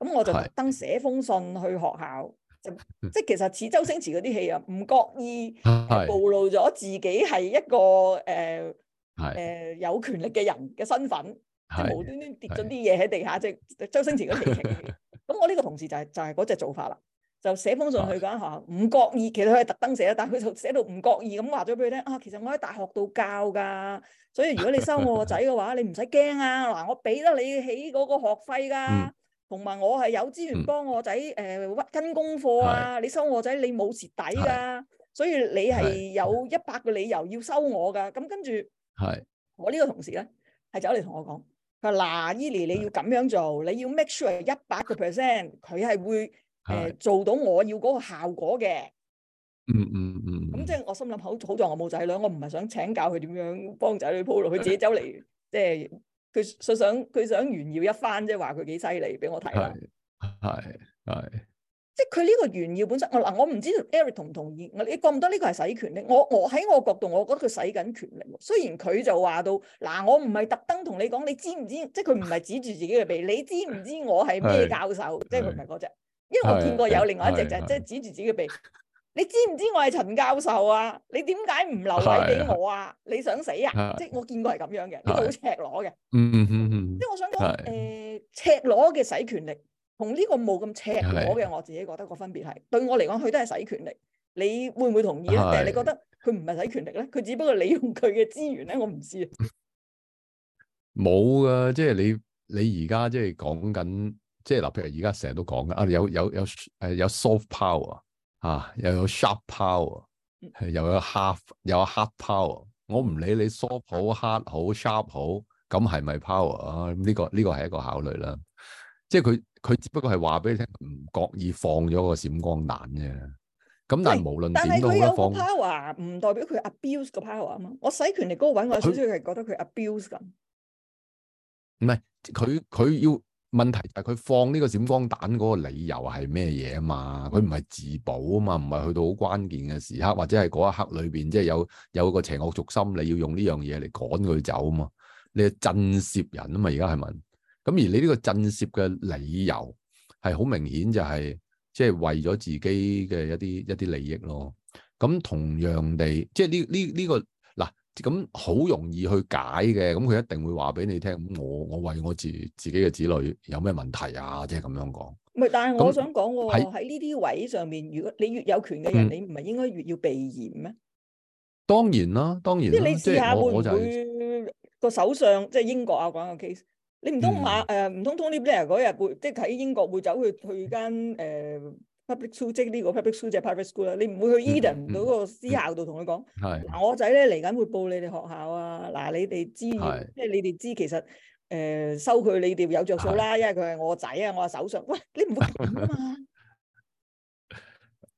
咁是我就登寫封信去學校，是就即係其實似周星馳嗰啲戲啊，唔覺意暴露咗自己係一個誒誒、呃是呃、有權力嘅人嘅身份，是就無端端跌咗啲嘢喺地下，即、就、係、是、周星馳嗰劇情。 我呢個同事就係就係嗰隻做法啦，就寫封信去講下，唔覺意其實佢係特登寫，但係佢就寫到唔覺意咁話咗俾你聽啊，其實我喺大學度教噶，所以如果你收我個仔嘅話，你唔使驚啊，嗱，我俾得你起嗰個學費噶，同埋我係有資源幫我仔誒屈跟功課啊，你收我仔你冇蝕底噶，所以你係有一百個理由要收我噶，咁跟住我呢個同事咧係走嚟同我講。嗱，Eli，你要咁樣做，是你要 make sure 一百個 percent 佢係會誒是、呃、做到我要嗰個效果嘅、嗯。嗯嗯嗯。咁即係我心諗好好在我冇仔女，我唔係想請教佢點樣幫仔女鋪路，佢自己走嚟，是即係佢想想佢想炫耀一番，即係話佢幾犀利俾我睇。係係。即係佢呢個炫耀本身，我嗱我唔知 Eric 同唔同意，你覺唔覺得呢個係使權力？我我喺我角度，我覺得佢使緊權力。雖然佢就話到嗱，我唔係特登同你講，你知唔知？即係佢唔係指住自己嘅鼻，你知唔知我係咩教授？即係佢唔係嗰隻，因為我見過有另外一隻就係即係指住自己嘅鼻，你知唔知我係陳教授啊？你點解唔留位俾我啊？你想死啊？即係我見過係咁樣嘅，呢個好赤裸嘅。嗯哼哼，即係我想講誒、呃，赤裸嘅使權力。同呢個冇咁赤裸嘅，我自己覺得個分別係，的對我嚟講，佢都係使權力。你會唔會同意啊？定的你覺得佢唔係使權力咧？佢只不過利用佢嘅資源咧，我唔知。冇噶，即、就、係、是、你你而家即係講緊，即係嗱，譬如而家成日都講緊，啊有有有誒有 soft power 啊，又有 sharp power，、嗯、又有 hard 有 hard power。我唔理你 soft 好 hard 好 sharp 好，咁係咪 power 啊？呢、這個呢、這個係一個考慮啦，即係佢。佢只不過係話俾你聽，唔覺意放咗個閃光彈啫。咁但係無論點都好，放。但係佢有 power，唔代表佢 abuse 個 power 啊嘛。我使權力嗰個位，我少少係覺得佢 abuse 緊。唔係佢佢要問題就係佢放呢個閃光彈嗰個理由係咩嘢啊嘛？佢唔係自保啊嘛，唔係去到好關鍵嘅時刻，或者係嗰一刻裏邊即係有有個邪惡族心你要用呢樣嘢嚟趕佢走啊嘛。你係震懾人啊嘛，而家係咪？咁而你呢個震懾嘅理由係好明顯，就係，就係即係為咗自己嘅一啲一啲利益咯。咁同樣地，即係呢呢呢個嗱，咁、這、好、個、容易去解嘅，咁佢一定會話俾你聽。我我為我自己自己嘅子女有咩問題啊？即係咁樣講。唔係，但係我想講喺呢啲位上面，如果你越有權嘅人，嗯、你唔係應該越要避嫌咩？當然啦，當然。即係你試下我會唔會個首相，就係、即係英國啊講個 case？你唔通馬誒唔通 Tony Blair 嗰日會即係喺英國會走去去間誒、呃、public school，即呢個 public school 即係 private school 啦。你唔會去 Eden 嗰、嗯、個私校度同佢講。係嗱是，我仔咧嚟緊會報你哋學校啊。嗱、啊，你哋知是即係你哋知其實誒、呃、收佢，你哋有著數啦，是因為佢係我仔啊，我話手上喂，你唔會咁啊嘛。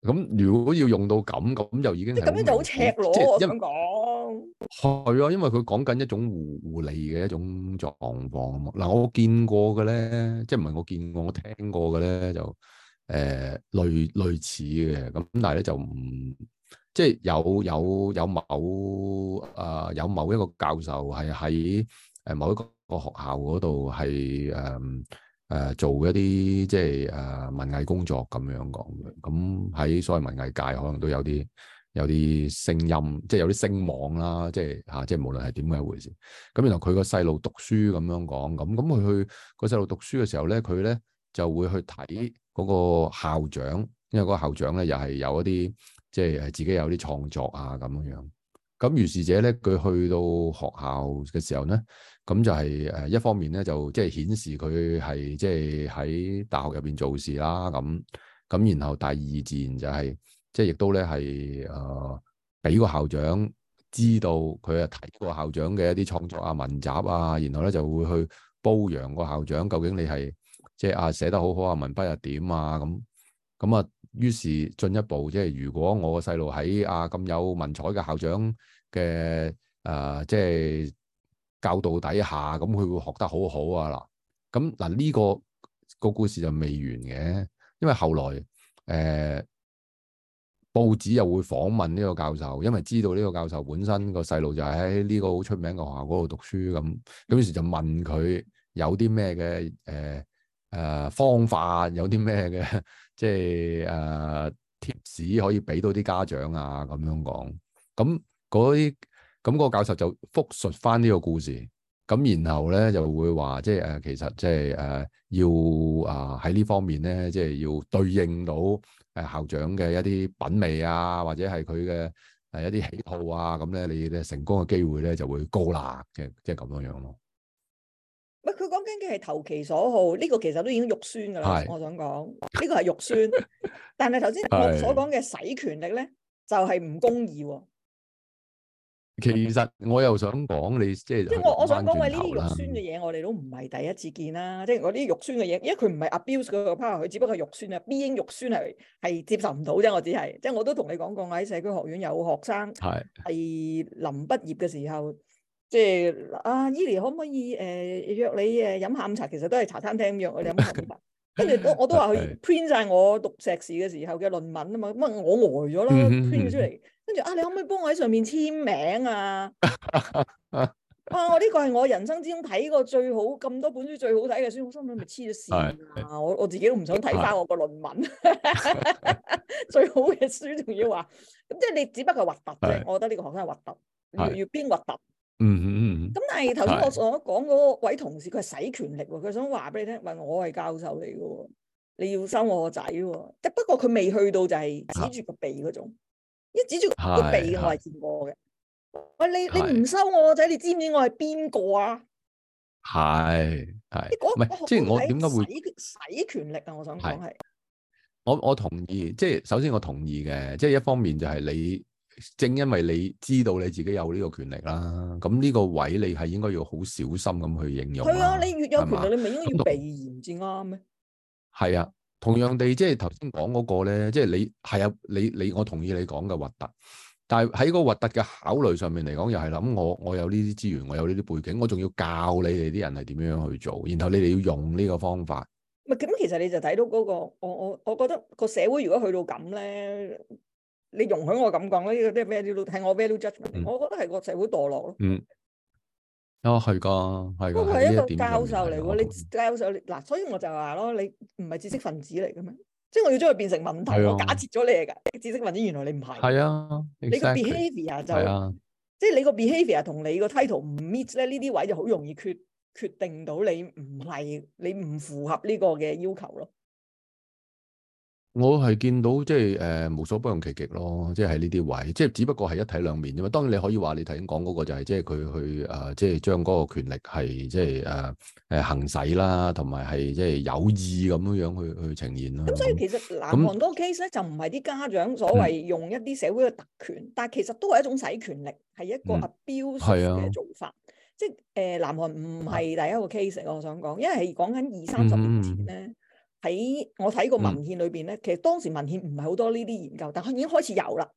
咁如果要用到咁咁，就已經即係咁樣就好赤裸，就是、我想講。係啊，因為佢講緊一種互互利嘅一種狀況啊嘛。嗱，我見過嘅咧，即係唔係我見過，我聽過嘅咧就誒、呃、類類似嘅，咁但係咧就唔即係有有有某啊、呃、有某一個教授係喺誒某一個學校嗰度，係誒誒做一啲即係誒、呃、文藝工作咁樣講嘅，咁喺所謂文藝界可能都有啲。有啲聲音，即係有啲聲望啦，即係嚇，即係無論係點嘅一回事。咁然後佢個細路讀書咁樣講，咁咁佢去個細路讀書嘅時候咧，佢咧就會去睇嗰個校長，因為嗰個校長咧又係有一啲即係自己有啲創作啊咁樣。咁如是者咧，佢去到學校嘅時候咧，咁就係誒一方面咧就即係顯示佢係即係喺大學入邊做事啦咁，咁然後第二自然就係、是。即係亦都咧係誒，俾、呃、個校長知道佢啊提過校長嘅一啲創作啊文集啊，然後咧就會去褒揚個校長，究竟你係即係啊寫得好好啊文筆又點啊咁咁啊。於、嗯嗯、是進一步即係如果我個細路喺啊咁有文采嘅校長嘅誒、呃，即係教導底下，咁、嗯、佢會學得好好啊嗱。咁嗱呢個、這個故事就未完嘅，因為後來誒。呃報紙又會訪問呢個教授，因為知道呢個教授本身個細路就係喺呢個好出名嘅學校嗰度讀書咁，咁於是就問佢有啲咩嘅誒誒方法，有啲咩嘅即係誒貼士可以俾到啲家長啊咁樣講。咁嗰啲咁個教授就覆述返呢個故事，咁然後咧就會話即係誒其實即係誒要啊喺呢方面咧即係要對應到。誒，校長嘅一啲品味啊，或者係佢嘅誒一啲喜好啊，咁咧你嘅成功嘅機會咧就會高啦嘅，即係咁樣樣咯。唔係佢講緊嘅係投其所好，呢、這個其實都已經肉酸噶啦。是我想講呢、這個係肉酸， 但係頭先我所講嘅使權力咧，就係、是、唔公義、啊。其實我又想講你，即係，即係我我想講，喂，呢啲肉酸嘅嘢，我哋都唔係第一次見啦。即係嗰啲肉酸嘅嘢，因為佢唔係 abuse 嗰個 power，佢只不過係肉酸啊。B 型肉酸係係接受唔到啫。我只係，即係我都同你講過，喺社區學院有學生係係臨畢業嘅時候，即係阿伊 l 可唔可以誒、呃、約你誒飲下午茶？其實都係茶餐廳約我飲下午茶。跟住都我都話去 print 晒我讀碩士嘅時候嘅論文啊嘛，乜我呆咗啦，print 咗出嚟。嗯哼哼嗯跟住啊，你可唔可以幫我喺上面簽名啊？哇、 啊！這個、我呢個係我人生之中睇過最好，咁多本書最好睇嘅書，心裏是 我心諗咪黐咗線啊！我我自己都唔想睇翻我個論文，是 最好嘅書仲要話咁，即係你只不過係核突啫。是 我覺得呢個學生係核突，是 要越越邊核突。嗯嗯嗯咁但係頭先我我講嗰位同事，佢係使權力，佢想話俾你聽，問我係教授嚟嘅，你要生我個仔。即不過佢未去到就係指住個鼻嗰種。一指住個鼻嘅位我嘅，喂是是 你你唔收我個仔，你知唔知我係邊個啊？係係是是，唔係、我即係我點解會使權力啊？我想講係，我我同意，即係首先我同意嘅，即係一方面就係你正因為你知道你自己有呢個權力啦，咁呢個位你係應該要好小心咁去應用。係啊，你越有權力，吧你咪應該要避嫌至啱咩？係啊。同樣地，即係頭先講嗰個咧，即係你係有你你我同意你講嘅核突，但係喺個核突嘅考慮上面嚟講，又係啦、嗯。我我有呢啲資源，我有呢啲背景，我仲要教你哋啲人係點樣去做，然後你哋要用呢個方法。咪咁，其實你就睇到嗰個，我我我覺得個社會如果去到咁咧，你容許我咁講呢個都係 value，係我 value judgement。我覺得係個社會墮落咯。嗯。有去過，係不過係一個教授嚟喎，的你教授，嗱的，所以我就話咯，你唔係知識分子嚟嘅咩？即係我要將佢變成問題，的我假設咗你嚟噶，知識分子，原來你唔係。係啊，你個 behavior 就的即係你個 behavior 同你個 title 唔 meet 咧，呢啲位就好容易決決定到你唔係你唔符合呢個嘅要求咯。我係見到即係誒、呃、無所不用其極咯，即係喺呢啲位，即係只不過係一體兩面啫嘛。當然你可以話你頭先講嗰個就係即係佢去誒，即係、呃、將嗰個權力係即係誒誒行使啦，同埋係即係有意咁樣樣去去呈現啦。咁所以其實南韓嗰個 case 咧那就唔係啲家長所謂用一啲社會嘅特權，嗯、但係其實都係一種使權力係一個 abuse 嘅做法。嗯啊、即係誒、呃、南韓唔係第一個 case，我想講，因為係講緊二三十年前咧。嗯喺我睇過文獻裏邊咧，其實當時文獻唔係好多呢啲研究，但佢已經開始有啦，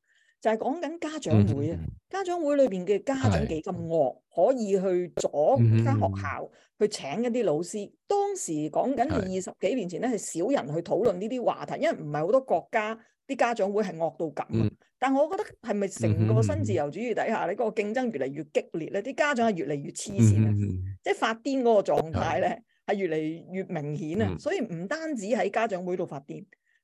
就係講緊家長會啊。嗯、家長會裏邊嘅家長幾咁惡，是可以去阻間學校、嗯、去請一啲老師。當時講緊係二十幾年前咧，係少是人去討論呢啲話題，因為唔係好多國家啲家長會係惡到咁。嗯、但我覺得係咪成個新自由主義底下咧，嗯、個競爭越嚟越激烈咧，啲家長係越嚟越黐線啊，嗯嗯、即係發癲嗰個狀態咧？越嚟越明顯啊！嗯、所以唔單止喺家長會度發電，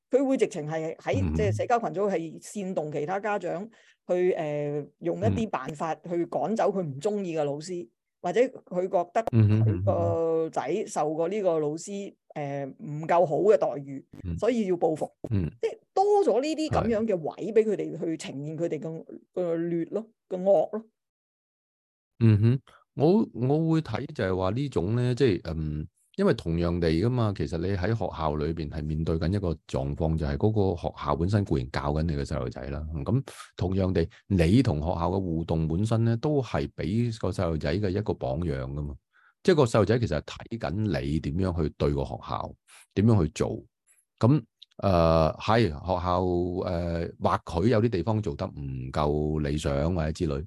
佢會直情係喺即係社交群組，係煽動其他家長去誒、呃、用一啲辦法去趕走佢唔中意嘅老師，或者佢覺得個仔受過呢個老師誒唔夠好嘅待遇，嗯、所以要報復。嗯、即係多咗呢啲咁樣嘅位俾佢哋去呈現佢哋嘅誒劣咯，嘅惡咯。嗯哼，我我會睇就係話呢種咧，即係嗯。因為同樣地噶嘛，其實你喺學校裏邊係面對緊一個狀況，就係、是、嗰個學校本身固然教緊你嘅細路仔啦。咁、嗯、同樣地，你同學校嘅互動本身咧，都係俾個細路仔嘅一個榜樣噶嘛。即係個細路仔其實係睇緊你點樣去對個學校，點樣去做。咁誒喺學校誒、或、呃、佢有啲地方做得唔夠理想或者之類。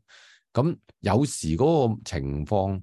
咁、嗯、有時嗰個情況。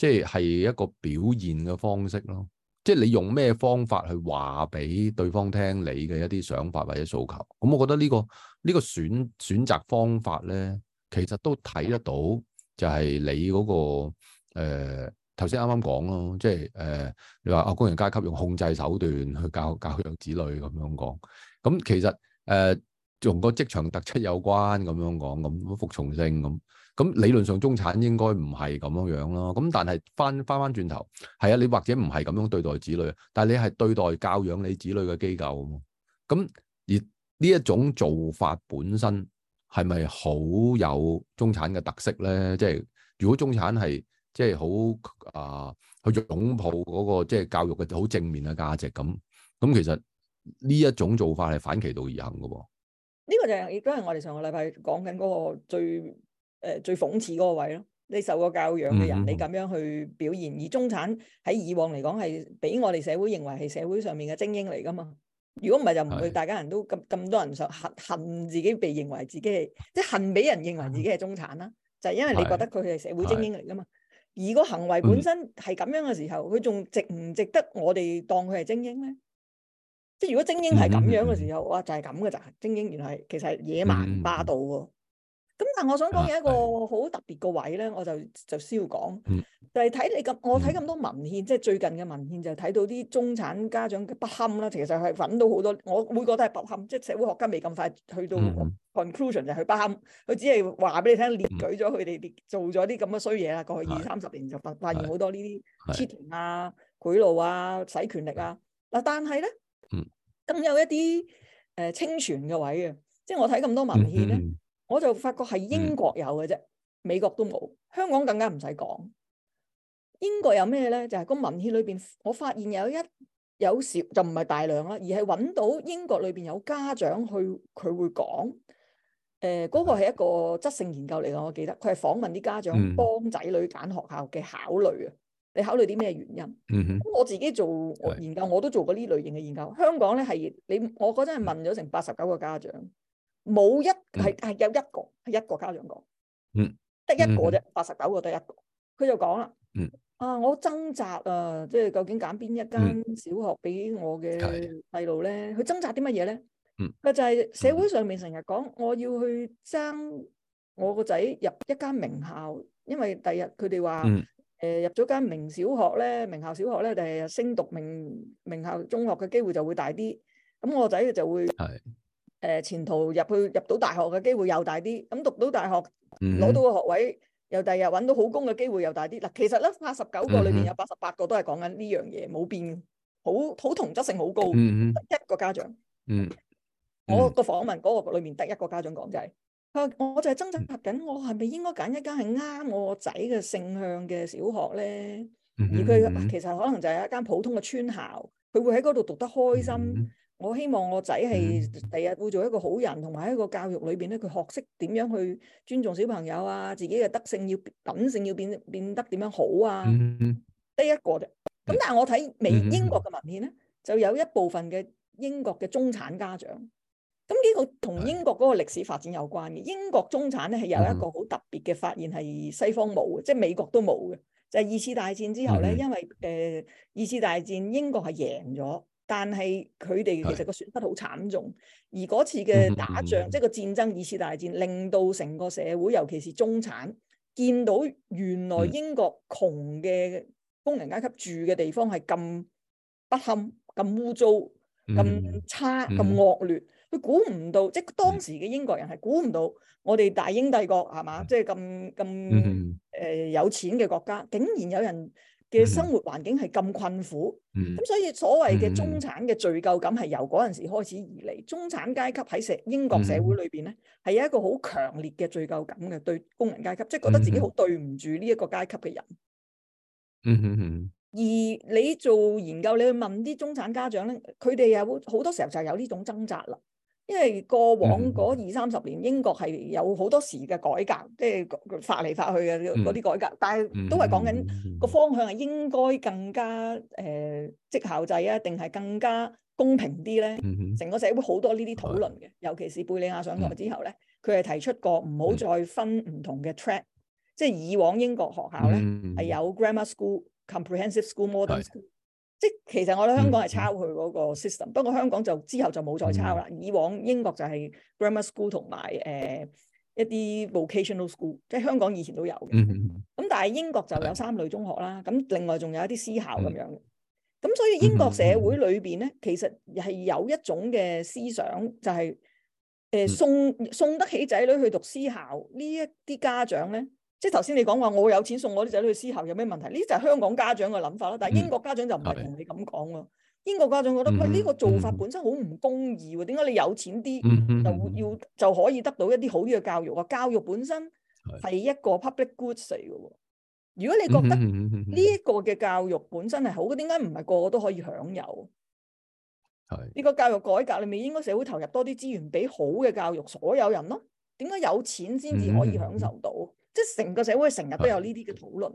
即係一個表現嘅方式咯，即係你用咩方法去話俾對方聽你嘅一啲想法或者訴求。咁、嗯、我覺得呢、這個呢、這個選選擇方法咧，其實都睇得到就、那個，就係你嗰個誒頭先啱啱講咯，即係誒、呃、你話啊工人階級用控制手段去教教育子女咁樣講。咁、嗯、其實誒用、呃、個職場突出有關咁樣講，咁服從性咁。咁理論上中產應該唔係咁樣樣咯，咁但係翻翻翻轉頭，係啊，你或者唔係咁樣對待子女，但係你係對待教養你子女嘅機構。咁而呢一種做法本身係咪好有中產嘅特色咧？即係如果中產係即係好啊，去擁抱嗰個即係教育嘅好正面嘅價值咁，咁其實呢一種做法係反其道而行嘅喎。呢個就係亦都係我哋上個禮拜講緊嗰個最。誒最諷刺嗰個位咯，你受過教養嘅人，你咁樣去表現，嗯、而中產喺以往嚟講係俾我哋社會認為係社會上面嘅精英嚟噶嘛？如果唔係就唔會大家人都咁咁多人想恨恨自己被認為自己係即係恨俾人認為自己係中產啦、啊，就係、是、因為你覺得佢係社會精英嚟噶嘛？而個行為本身係咁樣嘅時候，佢仲、嗯、值唔值得我哋當佢係精英咧？即係如果精英係咁樣嘅時候，嗯嗯、哇就係咁嘅咋？精英原來其實係野蠻霸道喎。嗯咁但係我想講嘢一個好特別個位咧，我就就需要講，就係睇、嗯、你咁，我睇咁多文獻，嗯、即係最近嘅文獻就睇到啲中產家長嘅不堪啦。其實係揾到好多，我每個都係不堪，即係社會學家未咁快去到 conclusion、嗯、就係不堪，佢只係話俾你聽，列舉咗佢哋做咗啲咁嘅衰嘢啦。嗯、過去二三十年、嗯、就發發現好多呢啲 cheating 啊、賄賂啊、使權力啊。嗱，但係咧，嗯，更、嗯、有一啲誒清泉嘅位啊，即係我睇咁多文獻咧。嗯嗯我就發覺係英國有嘅啫，嗯、美國都冇，香港更加唔使講。英國有咩咧？就係、是、個文獻裏邊，我發現有一有少就唔係大量啦，而係揾到英國裏邊有家長去佢會講。誒、呃，嗰、那個係一個質性研究嚟嘅，我記得佢係訪問啲家長幫仔女揀學校嘅考慮啊。嗯、你考慮啲咩原因？嗯，嗯我自己做研究、嗯、我都做過呢類型嘅研究。香港咧係你我嗰陣係問咗成八十九個家長。冇一係係有一個係一個家長講，嗯，得一個啫，八十九個得一個。佢就講啦，嗯，啊，我掙扎啊，即係究竟揀邊一間小學俾我嘅細路咧？是佢掙扎啲乜嘢咧？嗯，佢就係社會上面成日講，嗯、我要去爭我個仔入一間名校，因為第日佢哋話，嗯，呃、入咗間名小學咧，名校小學咧，就係、是、升讀名名校中學嘅機會就會大啲，咁我仔就會係。誒前途入去入到大學嘅機會又大啲，咁讀到大學攞、mm hmm. 到個學位，又第日揾到好工嘅機會又大啲。嗱，其實咧，八十九個裏邊、mm hmm. 有八十八個都係講緊呢樣嘢，冇變，好好同質性好高。Mm hmm. 得一個家長，mm hmm. 我訪個訪問嗰個裏面得一個家長講就係，佢話我就係爭執緊，mm hmm. 我係咪應該揀一間係啱我仔嘅性向嘅小學咧？Mm hmm. 而佢其實可能就係一間普通嘅村校，佢會喺嗰度讀得開心。Mm hmm. 我希望我仔係第日會做一個好人，同埋喺個教育裏邊咧，佢學識點樣去尊重小朋友啊，自己嘅德性要品性要變變得點樣好啊，得、嗯嗯、一個啫。咁但係我睇美英國嘅文獻咧，就有一部分嘅英國嘅中產家長，咁呢個同英國嗰個歷史發展有關嘅。英國中產咧係有一個好特別嘅發現，係、嗯、西方冇嘅，即係美國都冇嘅。就係，二次大戰之後咧，嗯、因為誒、呃、二次大戰英國係贏咗。但係佢哋其實個損失好慘重，是而嗰次嘅打仗，嗯、即係個戰爭二次大戰，令到成個社會，尤其是中產，見到原來英國窮嘅工人階級住嘅地方係咁不堪、咁污糟、咁差、咁、嗯、惡劣，佢估唔到，即係當時嘅英國人係估唔到，我哋大英帝國係嘛，即係咁咁誒有錢嘅國家，竟然有人嘅生活環境係咁困苦，咁、嗯嗯、所以所謂嘅中產嘅罪疚感係由嗰陣時開始而嚟。中產階級喺社英國社會裏邊咧，係、嗯、有一個好強烈嘅罪疚感嘅對工人階級，即、就、係、是、覺得自己好對唔住呢一個階級嘅人。嗯嗯嗯。嗯嗯嗯而你做研究，你去問啲中產家長咧，佢哋又好多時候就有呢種掙扎啦。因為過往嗰二三十年，英國係有好多時嘅改革，即係發嚟發去嘅嗰啲改革，嗯、但係都係講緊個方向係應該更加誒績效制啊，定係更加公平啲咧？成、嗯、個社會好多呢啲討論嘅，嗯、尤其是貝利亞上台之後咧，佢係提出過唔好再分唔同嘅 track，、嗯、即係以往英國學校咧係、嗯嗯、有 grammar school、comprehensive school、modern school 即其實我哋香港係抄佢嗰個 system，、嗯、不過香港就之後就冇再抄啦。嗯、以往英國就係 grammar school 同埋誒一啲 vocational school，即係香港以前都有嘅。咁、嗯、但係英國就有三類中學啦。咁、嗯、另外仲有一啲私校咁樣嘅。咁、嗯、所以英國社會裏邊咧，其實係有一種嘅思想，就係、是、誒、呃、送送得起仔女去讀私校呢一啲家長咧。即係頭先你講話，我有錢送我啲仔女去私校有咩問題？呢就係香港家長嘅諗法啦。但係英國家長就唔係同你咁講喎。Mm hmm. 英國家長覺得，喂、mm，呢、hmm. 個做法本身好唔公義喎。點解你有錢啲，mm hmm. 就要就可以得到一啲好啲嘅教育啊？教育本身係一個 public goods 嚟嘅。Mm hmm. 如果你覺得呢一個嘅教育本身係好，嘅，點解唔係個個都可以享有？呢、mm hmm. 個教育改革裏面應該社會投入多啲資源，俾好嘅教育所有人咯、啊。點解有錢先至可以享受到？即係成個社會成日都有呢啲嘅討論，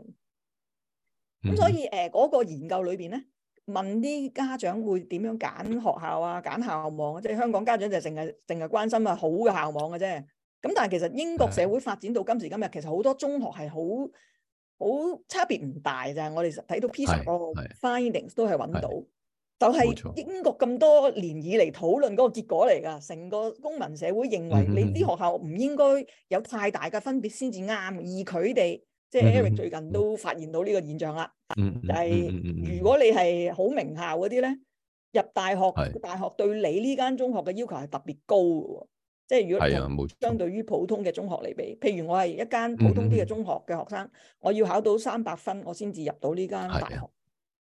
咁、嗯、所以誒嗰、呃那個研究裏邊咧，問啲家長會點樣揀學校啊，揀校網，即係香港家長就係淨係淨係關心啊好嘅校網嘅啫。咁但係其實英國社會發展到今時今日，的其實好多中學係好好差別唔大咋。我哋睇到 PISA 嗰個 findings 的都係揾到。就係英國咁多年以嚟討論嗰個結果嚟㗎，成個公民社會認為你啲學校唔應該有太大嘅分別先至啱。嗯、而佢哋即係 Eric 最近都發現到呢個現象啦。但係如果你係好名校嗰啲咧，入大學，大學對你呢間中學嘅要求係特別高嘅喎。即係如果係相對於普通嘅中學嚟比，譬如我係一間普通啲嘅中學嘅學生，嗯嗯、我要考到三百分，我先至入到呢間大學。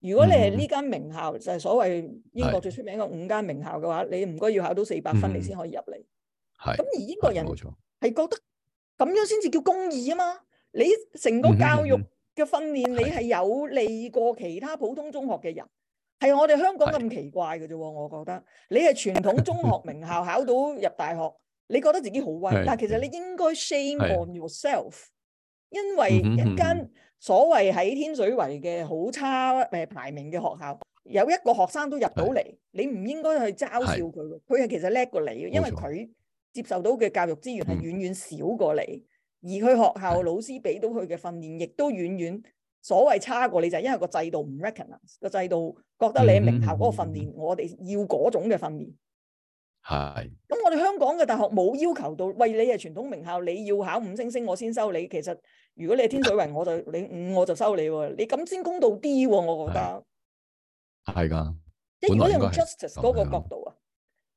如果你係呢間名校，mm hmm. 就係所謂英國最出名嘅五間名校嘅話，mm hmm. 你唔該要考到四百分，你先可以入嚟。係、mm。咁、hmm. 而英國人冇錯係覺得咁樣先至叫公義啊嘛！你成個教育嘅訓練，你係有利過其他普通中學嘅人，係、mm hmm. 我哋香港咁奇怪嘅啫喎，我覺得。你係傳統中學名校考到入大學， 你覺得自己好威，mm hmm. 但其實你應該 shame on yourself、mm。Hmm. 因為一間所謂喺天水圍嘅好差誒排名嘅學校，有一個學生都入到嚟，你唔應該去嘲笑佢。佢係是其實叻過你嘅，因為佢接受到嘅教育資源係遠遠少過你，而佢學校老師俾到佢嘅訓練亦都遠遠所謂差過你，就係、是、因為個制度唔 recognize 個制度，覺得你喺名校嗰個訓練，是我哋要嗰種嘅訓練。係，咁我哋香港嘅大學冇要求到，喂，你係傳統名校，你要考五星星我先收你。其實如果你係天水圍，我就你五我就收你，你咁先公道啲啊，我覺得係噶。即係如果你用 justice 嗰個角度啊，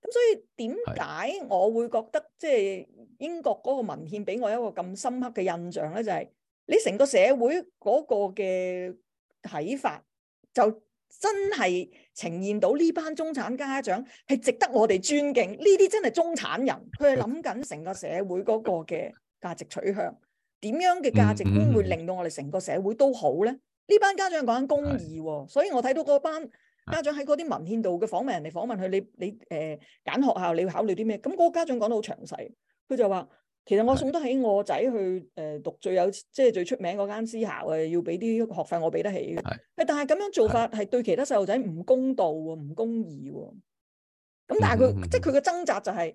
咁所以點解我會覺得即係英國嗰個文獻俾我一個咁深刻嘅印象咧，就係你成個社會嗰個嘅睇法就。真係呈現到呢班中產家長係值得我哋尊敬，呢啲真係中產人，佢係諗緊成個社會嗰個嘅價值取向，點樣嘅價值觀會令到我哋成個社會都好咧？呢、嗯嗯、班家長講緊公義，的所以我睇到嗰班家長喺嗰啲文獻度嘅訪問，人哋訪問佢，你你誒揀、呃、學校，你會考慮啲咩？咁、那、嗰個家長講得好詳細，佢就話。其實我送得起我仔去誒、呃、讀最有即係最出名嗰間私校啊，要俾啲學費我俾得起。係的，但係咁樣做法係對其他細路仔唔公道喎，唔公義喎。咁但係佢 即係佢嘅掙扎就係、係，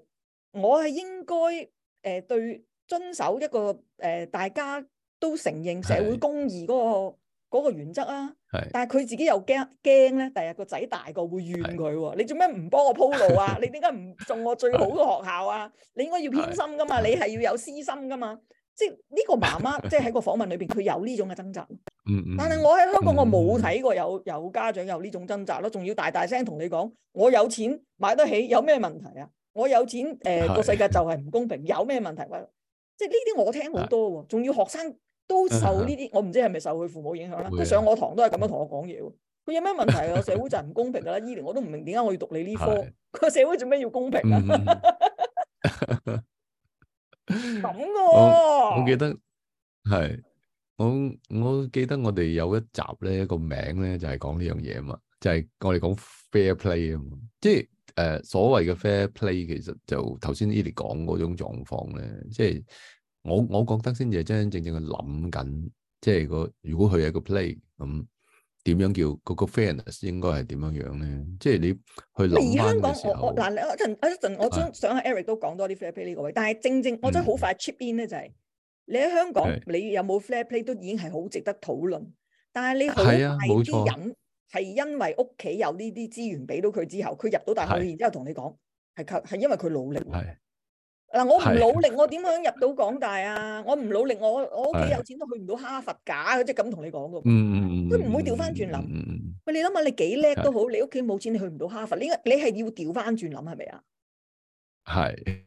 我係應該誒、呃、對遵守一個誒、呃、大家都承認社會公義嗰、那個、的個原則啊。但係佢自己又驚驚咧，第日個仔大個會怨佢喎。是的 你做咩唔幫我鋪路啊？ 你點解唔送我最好嘅學校啊？ 你應該要偏心噶嘛，是的 你係要有私心噶嘛。是的 即係呢個媽媽，即係喺個訪問裏邊，佢有呢種嘅掙扎。嗯嗯。但係我喺香港，我冇睇過有有家長有呢種掙扎咯，仲要大大聲同你講，我有錢買得起，有咩問題啊？我有錢，誒、呃，個世界就係唔公平，有咩問題啊？喂，即係呢啲我聽好多喎，仲的要學生。都受呢啲，我唔知係咪受佢父母影響啦。佢上我堂都係咁樣同我講嘢喎。佢有咩問題啊？社會就係唔公平噶啦。伊蓮，我都唔明點解我要讀你呢科。個社會做咩要公平？咁嘅。我記得係我我記得我哋有一集咧，個名咧就係講呢樣嘢啊嘛，就係我哋講 fair play 啊嘛。即係誒所謂嘅 fair play，其實就頭先伊蓮講嗰種狀況咧，即係。我我覺得先至係真真正正嘅諗緊，即係個如果佢係個 play 咁、嗯，點樣叫嗰個 fairness 應該係點樣樣咧？即係你去諗。而香港我我嗱，一陣一陣，我想下是 Eric 都講多啲 fair play 呢個位，但係正正我真好快 chip in 咧、就是，就係、嗯、你喺香港，是你有冇 fair play 都已經係好值得討論。但係你好大啲人係、啊、因為屋企有呢啲資源俾到佢之後，佢入到大學，然之後同是你講係靠，係因為佢努力。嗱，我唔努力，我點樣入到港大啊？我唔努力，我我屋企有錢都去唔到哈佛，假即係咁同你講噶。嗯嗯嗯，佢唔會調翻轉諗。喂，你諗下，你幾叻都好，你屋企冇錢，你去唔到哈佛。你你係要調翻轉諗，係咪啊？係。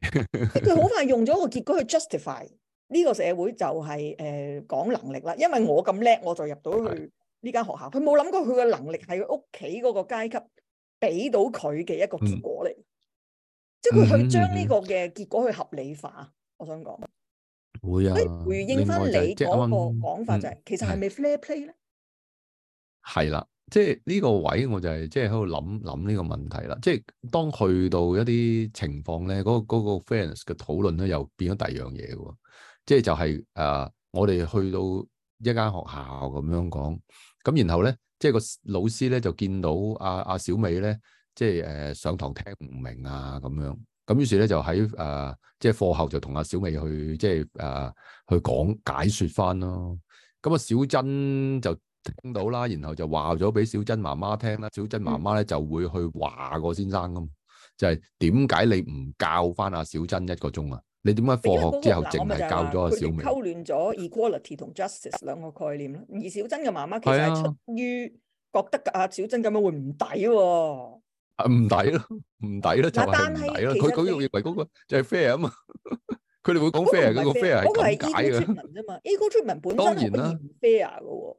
佢好快用咗個結果去 justify 呢個社會就係誒講能力啦。因為我咁叻，我就入到去呢間學校。佢冇諗過佢嘅能力係佢屋企嗰個階級俾到佢嘅一個結果嚟。即係佢去將呢個嘅結果去合理化，嗯、我想講會啊。回應翻你嗰、就是就是、個講法就係、是，嗯、其實係咪 fair play 咧？係啦，即係呢個位我就係即係喺度諗諗呢個問題啦。即、就、係、是、當去到一啲情況咧，嗰、那個嗰、那個 fairness 嘅討論咧又變咗第二樣嘢喎。即係就係、是、誒、呃，我哋去到一間學校咁樣講，咁、嗯、然後咧，即、就、係、是、個老師咧就見到阿、啊、阿、啊、小美咧。即係誒，上堂聽唔明啊，咁樣咁，於是咧就喺誒，即係課後就同阿小美去即係誒去講解說翻咯。咁啊，小珍就聽到啦，然後就話咗俾小珍媽媽聽啦。小珍媽媽咧就會去話個先生咁，就係點解你唔教翻阿小珍一個鐘啊？你點解放學之後淨係教咗阿小美？佢溝亂咗 equality 同 justice 兩個概念咯。而小珍嘅媽媽其實係出於覺得阿小珍咁樣會唔抵。唔抵咯，唔抵咯，就話唔抵咯。佢佢認為嗰個就係 fair 啊嘛。佢哋會講 fair 嗰個 fair 係解嘅。嗰個係 equal treatment 啫嘛。equal treatment 本身係 fair 嘅。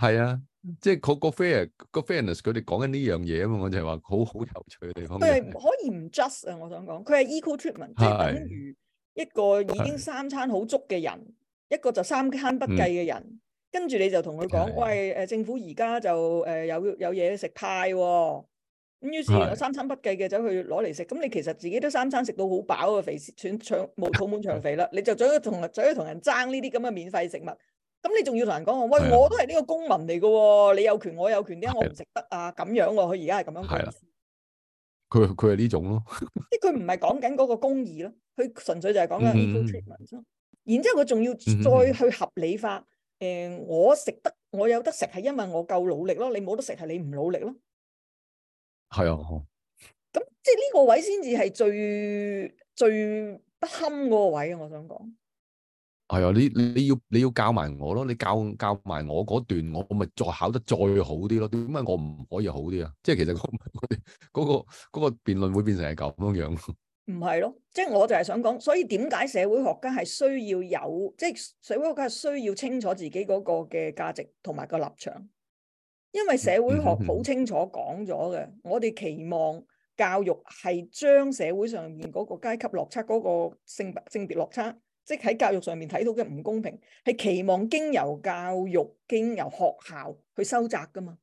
係啊，即係個 fair 個 fairness，佢哋講緊呢樣嘢啊嘛。我就係話好好有趣嘅地方。佢係可以唔 just 啊？我想講，佢係 equal treatment，即係等於一個已經三餐好足嘅人，一個就三餐不計嘅人，跟住你就同佢講喂，誒政府而家就誒有有嘢食派。咁於是，我三餐不繼嘅走去攞嚟食。咁的你其實自己都三餐食到好飽啊，肥腸冇肚滿腸肥啦。的你就再同再同人爭呢啲咁嘅免費食物。咁你仲要同人講我，喂，的我都係呢個公民嚟嘅，哦，你有權，我有權，點解我唔食得啊？咁的、啊、樣喎、啊，佢而家係咁樣講。佢佢係呢種咯，即佢唔係講緊嗰個公義咯，佢純粹就係講緊 treatment 然之後佢仲要再去合理化，誒、呃，我食得，我有得食係因為我夠努力咯，你冇得食係你唔努力咯。 係啊，咁即係呢個位先至係最最不堪嗰個位啊！我想講，係啊，你你要你要教埋我咯，你教教埋我嗰段，我我咪再考得再好啲咯？點解我唔可以好啲啊？即係其實嗰嗰個嗰個辯論會變成係咁樣樣？唔係咯，即係我就係想講，所以點解社會學家係需要有，即係社會學家係需要清楚自己嗰個嘅價值同埋個立場。因為社會學好清楚講咗嘅，嗯、哼哼，我哋期望教育係將社會上面嗰個階級落差、嗰個性別性別落差，即係喺教育上面睇到嘅唔公平，係期望經由教育、經由學校去收窄㗎嘛。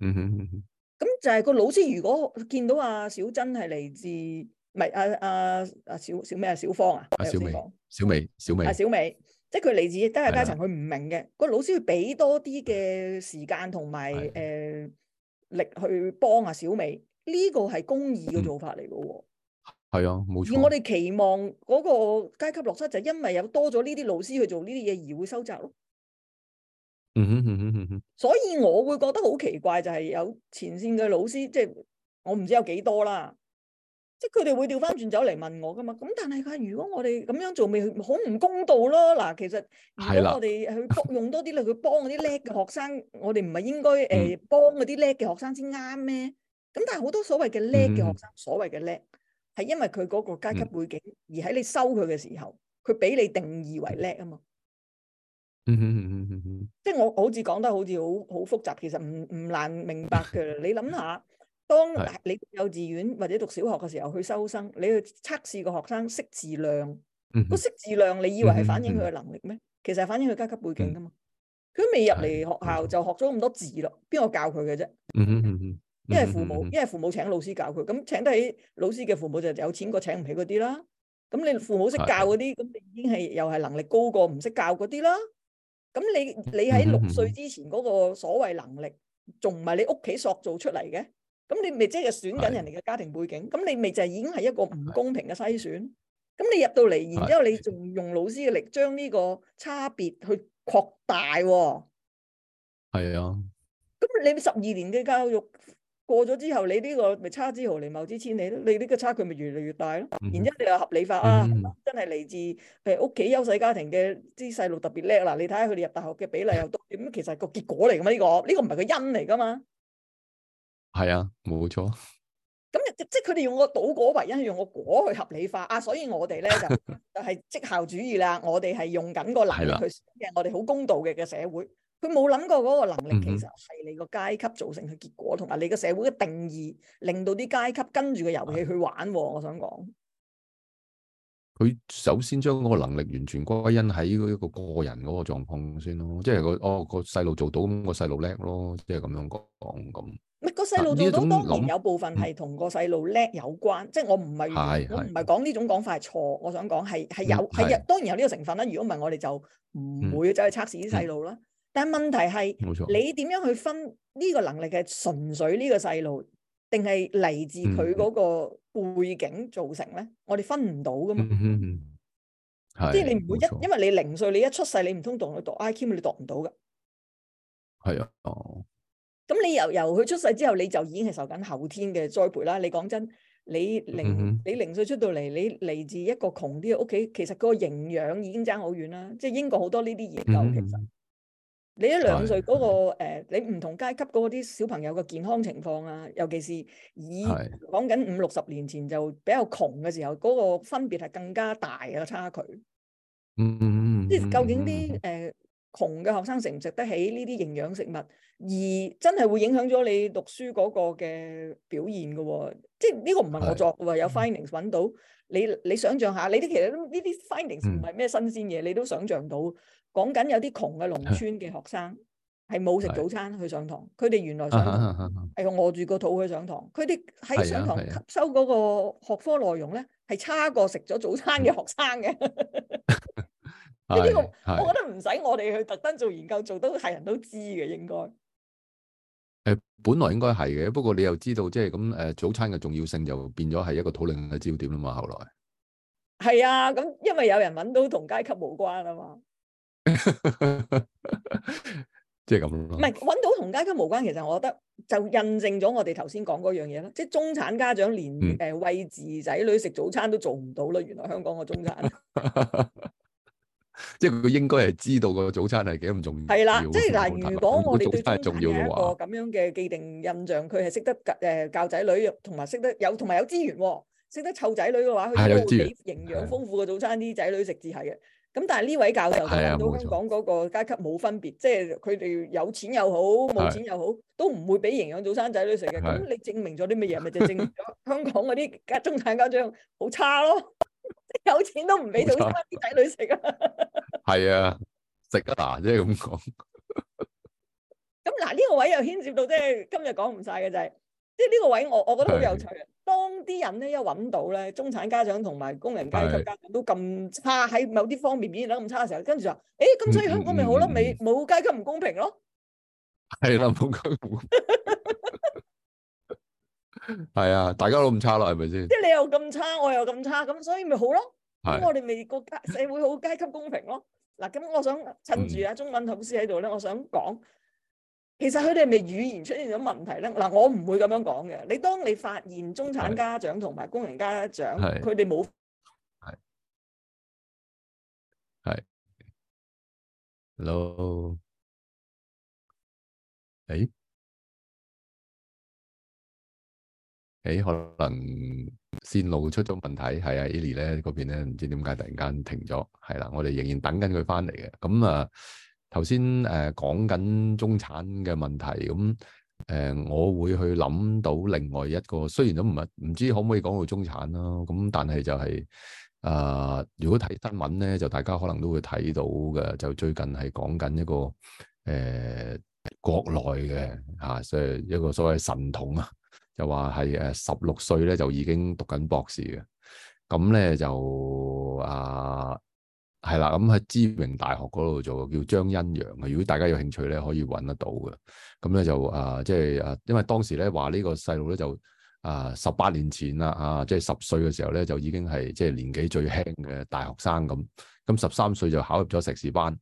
嗯哼、哼，咁就係個老師如果見到阿、啊、小珍係嚟自，唔係阿阿阿小小咩啊小芳啊、啊，啊小美、小美，小美，啊、小美，阿小美。即係佢嚟自低下階層，佢唔明嘅，個老師要俾多啲嘅時間同埋誒力去幫啊小美，呢個係公義嘅做法嚟嘅喎，係啊，冇錯。而我哋期望嗰個階級落差，就因為有多咗呢啲老師去做呢啲嘢而會收窄咯。嗯哼，嗯哼，嗯哼。所以我會覺得好奇怪就係有前線嘅老師，即係我唔知有幾多啦。即係佢哋會調翻轉走嚟問我噶嘛，咁但係佢，如果我哋咁樣做，咪好唔公道咯？嗱，其實如果我哋去用多啲力去幫嗰啲叻嘅學生，我哋唔係應該誒幫嗰啲叻嘅學生先啱咩？咁但係好多所謂嘅叻嘅學生，所謂嘅叻係因為佢嗰個階級背景，而喺你收佢嘅時候，佢俾你定義為叻啊嘛。嗯嗯嗯嗯嗯嗯，即係我好似講得好似好好複雜，其實唔唔難明白嘅。你諗下。當你幼稚園或者讀小學嘅時候，去收生，你去測試個學生識字量，個、嗯、哼識字量你以為係反映佢嘅能力咩？嗯、哼其實係反映佢階級背景噶嘛。佢未入嚟學校就學咗咁多字咯，邊個教佢嘅啫？一係、嗯嗯嗯、父母，一係父母請老師教佢。咁請得起老師嘅父母就有錢過請唔起嗰啲啦。咁你父母識教嗰啲，咁、嗯、哼你已經係又係能力高過唔識教嗰啲啦。咁你你喺六歲之前嗰個所謂能力，仲唔係你屋企塑造出嚟嘅？咁你咪即係選緊人哋嘅家庭背景，咁你咪就係已經係一個唔公平嘅篩選。咁你入到嚟，然之後你仲用老師嘅力將呢個差別去擴大喎。係啊。咁你十二年嘅教育過咗之後，你呢個咪差之毫釐、謬之千里咯。你呢個差距咪越嚟越大咯。然之後你又合理化啊，真係嚟自誒屋企優勢家庭嘅啲細路特別叻啦。你睇下佢哋入大學嘅比例又多點，其實係個結果嚟噶嘛。呢個呢個唔係個因嚟噶嘛。係啊，冇錯。咁、嗯、即即係佢哋用個倒果為因，用個果去合理化啊。所以我哋咧就 就係績效主義啦。我哋係用緊個能力，去嘅我哋好公道嘅嘅社會。佢冇諗過嗰個能力，其實係你個階級造成嘅結果，同埋、嗯、哼你個社會嘅定義，令到啲階級跟住個遊戲去玩、啊。我想講，佢首先將嗰個能力完全歸因喺一個個人嗰個狀況先咯，即係、個哦、個細路做到咁，個細路叻咯，即係咁樣講咁。個細路做到，當然有部分係同個細路叻有關，即係我唔係我唔係講呢種講法係錯。我想講係係有係有當然有呢個成分啦。如果唔係我哋就唔會走去測試啲細路啦。但係問題係，你點樣去分呢個能力係純粹呢個細路定係嚟自佢嗰個背景造成咧？我哋分唔到噶嘛？即係你唔會一因為你零歲，你一出世，你唔通讀讀 IQ 你讀唔到嘅，係啊，哦。咁你由由佢出世之後，你就已經係受緊後天嘅栽培啦。你講真，你零、嗯、哼你零歲出到嚟，你嚟自一個窮啲嘅屋企，其實個營養已經爭好遠啦。即係英國好多呢啲研究，嗯、哼其實你一兩歲嗰、那個的、呃、你唔同階級嗰啲小朋友嘅健康情況啊，尤其是以講緊五六十年前就比較窮嘅時候，嗰、那個分別係更加大嘅差距。嗯哼嗯哼嗯哼，即係究竟啲誒？窮嘅學生食唔食得起呢啲營養食物，而真係會影響咗你讀書嗰個嘅表現嘅、哦，即係呢、呢個唔係我作，的有 findings 揾到。你你想象下，你啲其實呢啲 findings 唔係咩新鮮嘢，嗯、你都想象到。講緊有啲窮嘅農村嘅學生係冇食早餐去上堂，佢哋的原來上堂係、啊啊啊啊、餓住個肚去上堂，佢哋喺上堂吸收嗰個學科內容咧係差過食咗早餐嘅學生嘅。嗯 呢啲我我覺得唔使我哋去特登做研究，做都係人都知嘅應該。誒、呃，本來應該係嘅，不過你又知道，即係咁誒，早餐嘅重要性就變咗係一個討論嘅焦點啦嘛。後來係啊，咁因為有人揾到同階級無關啊嘛，即係咁咯。唔係揾到同階級無關，其實我覺得就印證咗我哋頭先講嗰樣嘢啦。即係中產家長連誒餵住仔女食早餐都做唔到啦。原來香港嘅中產。 即係佢應該係知道個早餐係幾咁重要。係啦，即係嗱，如果我哋對佢係一個咁樣嘅既定印象，佢係識得誒教仔女，同埋識得有同埋有資源、哦，識得湊仔女嘅話，佢都會俾營養豐富嘅早餐啲仔女食至係嘅。咁的但係呢位教授到香港嗰個階級冇分別，即係佢哋有錢又好，冇錢又好，都唔會俾營養早餐仔女食嘅。咁的你證明咗啲乜嘢？咪的 就證明咗香港嗰啲中產家長好差咯。即係有錢都唔俾祖先啲仔女食啊！係 啊，食啊大，即係咁講。咁嗱呢個位又牽涉到，即係今日講唔晒嘅就係，即係呢個位我我覺得好有趣嘅。是當啲人咧一搵到咧，中產家長同埋工人階級家長都咁差喺某啲方面表現得咁差嘅時候，跟住就話誒，咁、欸、所以香港咪好咯？咪冇階級唔公平咯？係啦，冇階級。 係啊，大家都咁差咯，係咪先？即係你又咁差，我又咁差，咁所以咪好咯。咁我哋咪國家社會好階級公平咯。嗱，咁我想趁住阿中文老師喺度咧，我想講，其實佢哋係咪語言出現咗問題咧。嗱，我唔會咁樣講嘅。你當你發現中產家長同埋工人家長，佢哋冇係係。Hello，誒。誒、欸、可能線路出咗問題，係啊，Eli 咧嗰邊咧唔知點解突然間停咗，係啦，我哋仍然等緊佢翻嚟嘅。咁啊，頭先誒講緊中產嘅問題，咁誒、呃、我會去諗到另外一個，雖然都唔係唔知可唔可以講到中產咯，咁但係就係、是、啊、呃，如果睇新聞咧，就大家可能都會睇到嘅，就最近係講緊一個誒、呃、國內嘅啊，即係一個所謂神童啊。就話係誒，十六歲咧就已經讀緊博士嘅，咁咧就啊係啦，咁喺知名大學嗰度做叫張欣陽嘅。如果大家有興趣咧，可以揾得到嘅。咁咧就啊，即係啊，因為當時咧話呢個細路咧就啊十八年前啦啊，即係十歲嘅時候咧就已經係即係年紀最輕嘅大學生咁，咁十三歲就考入咗碩士班。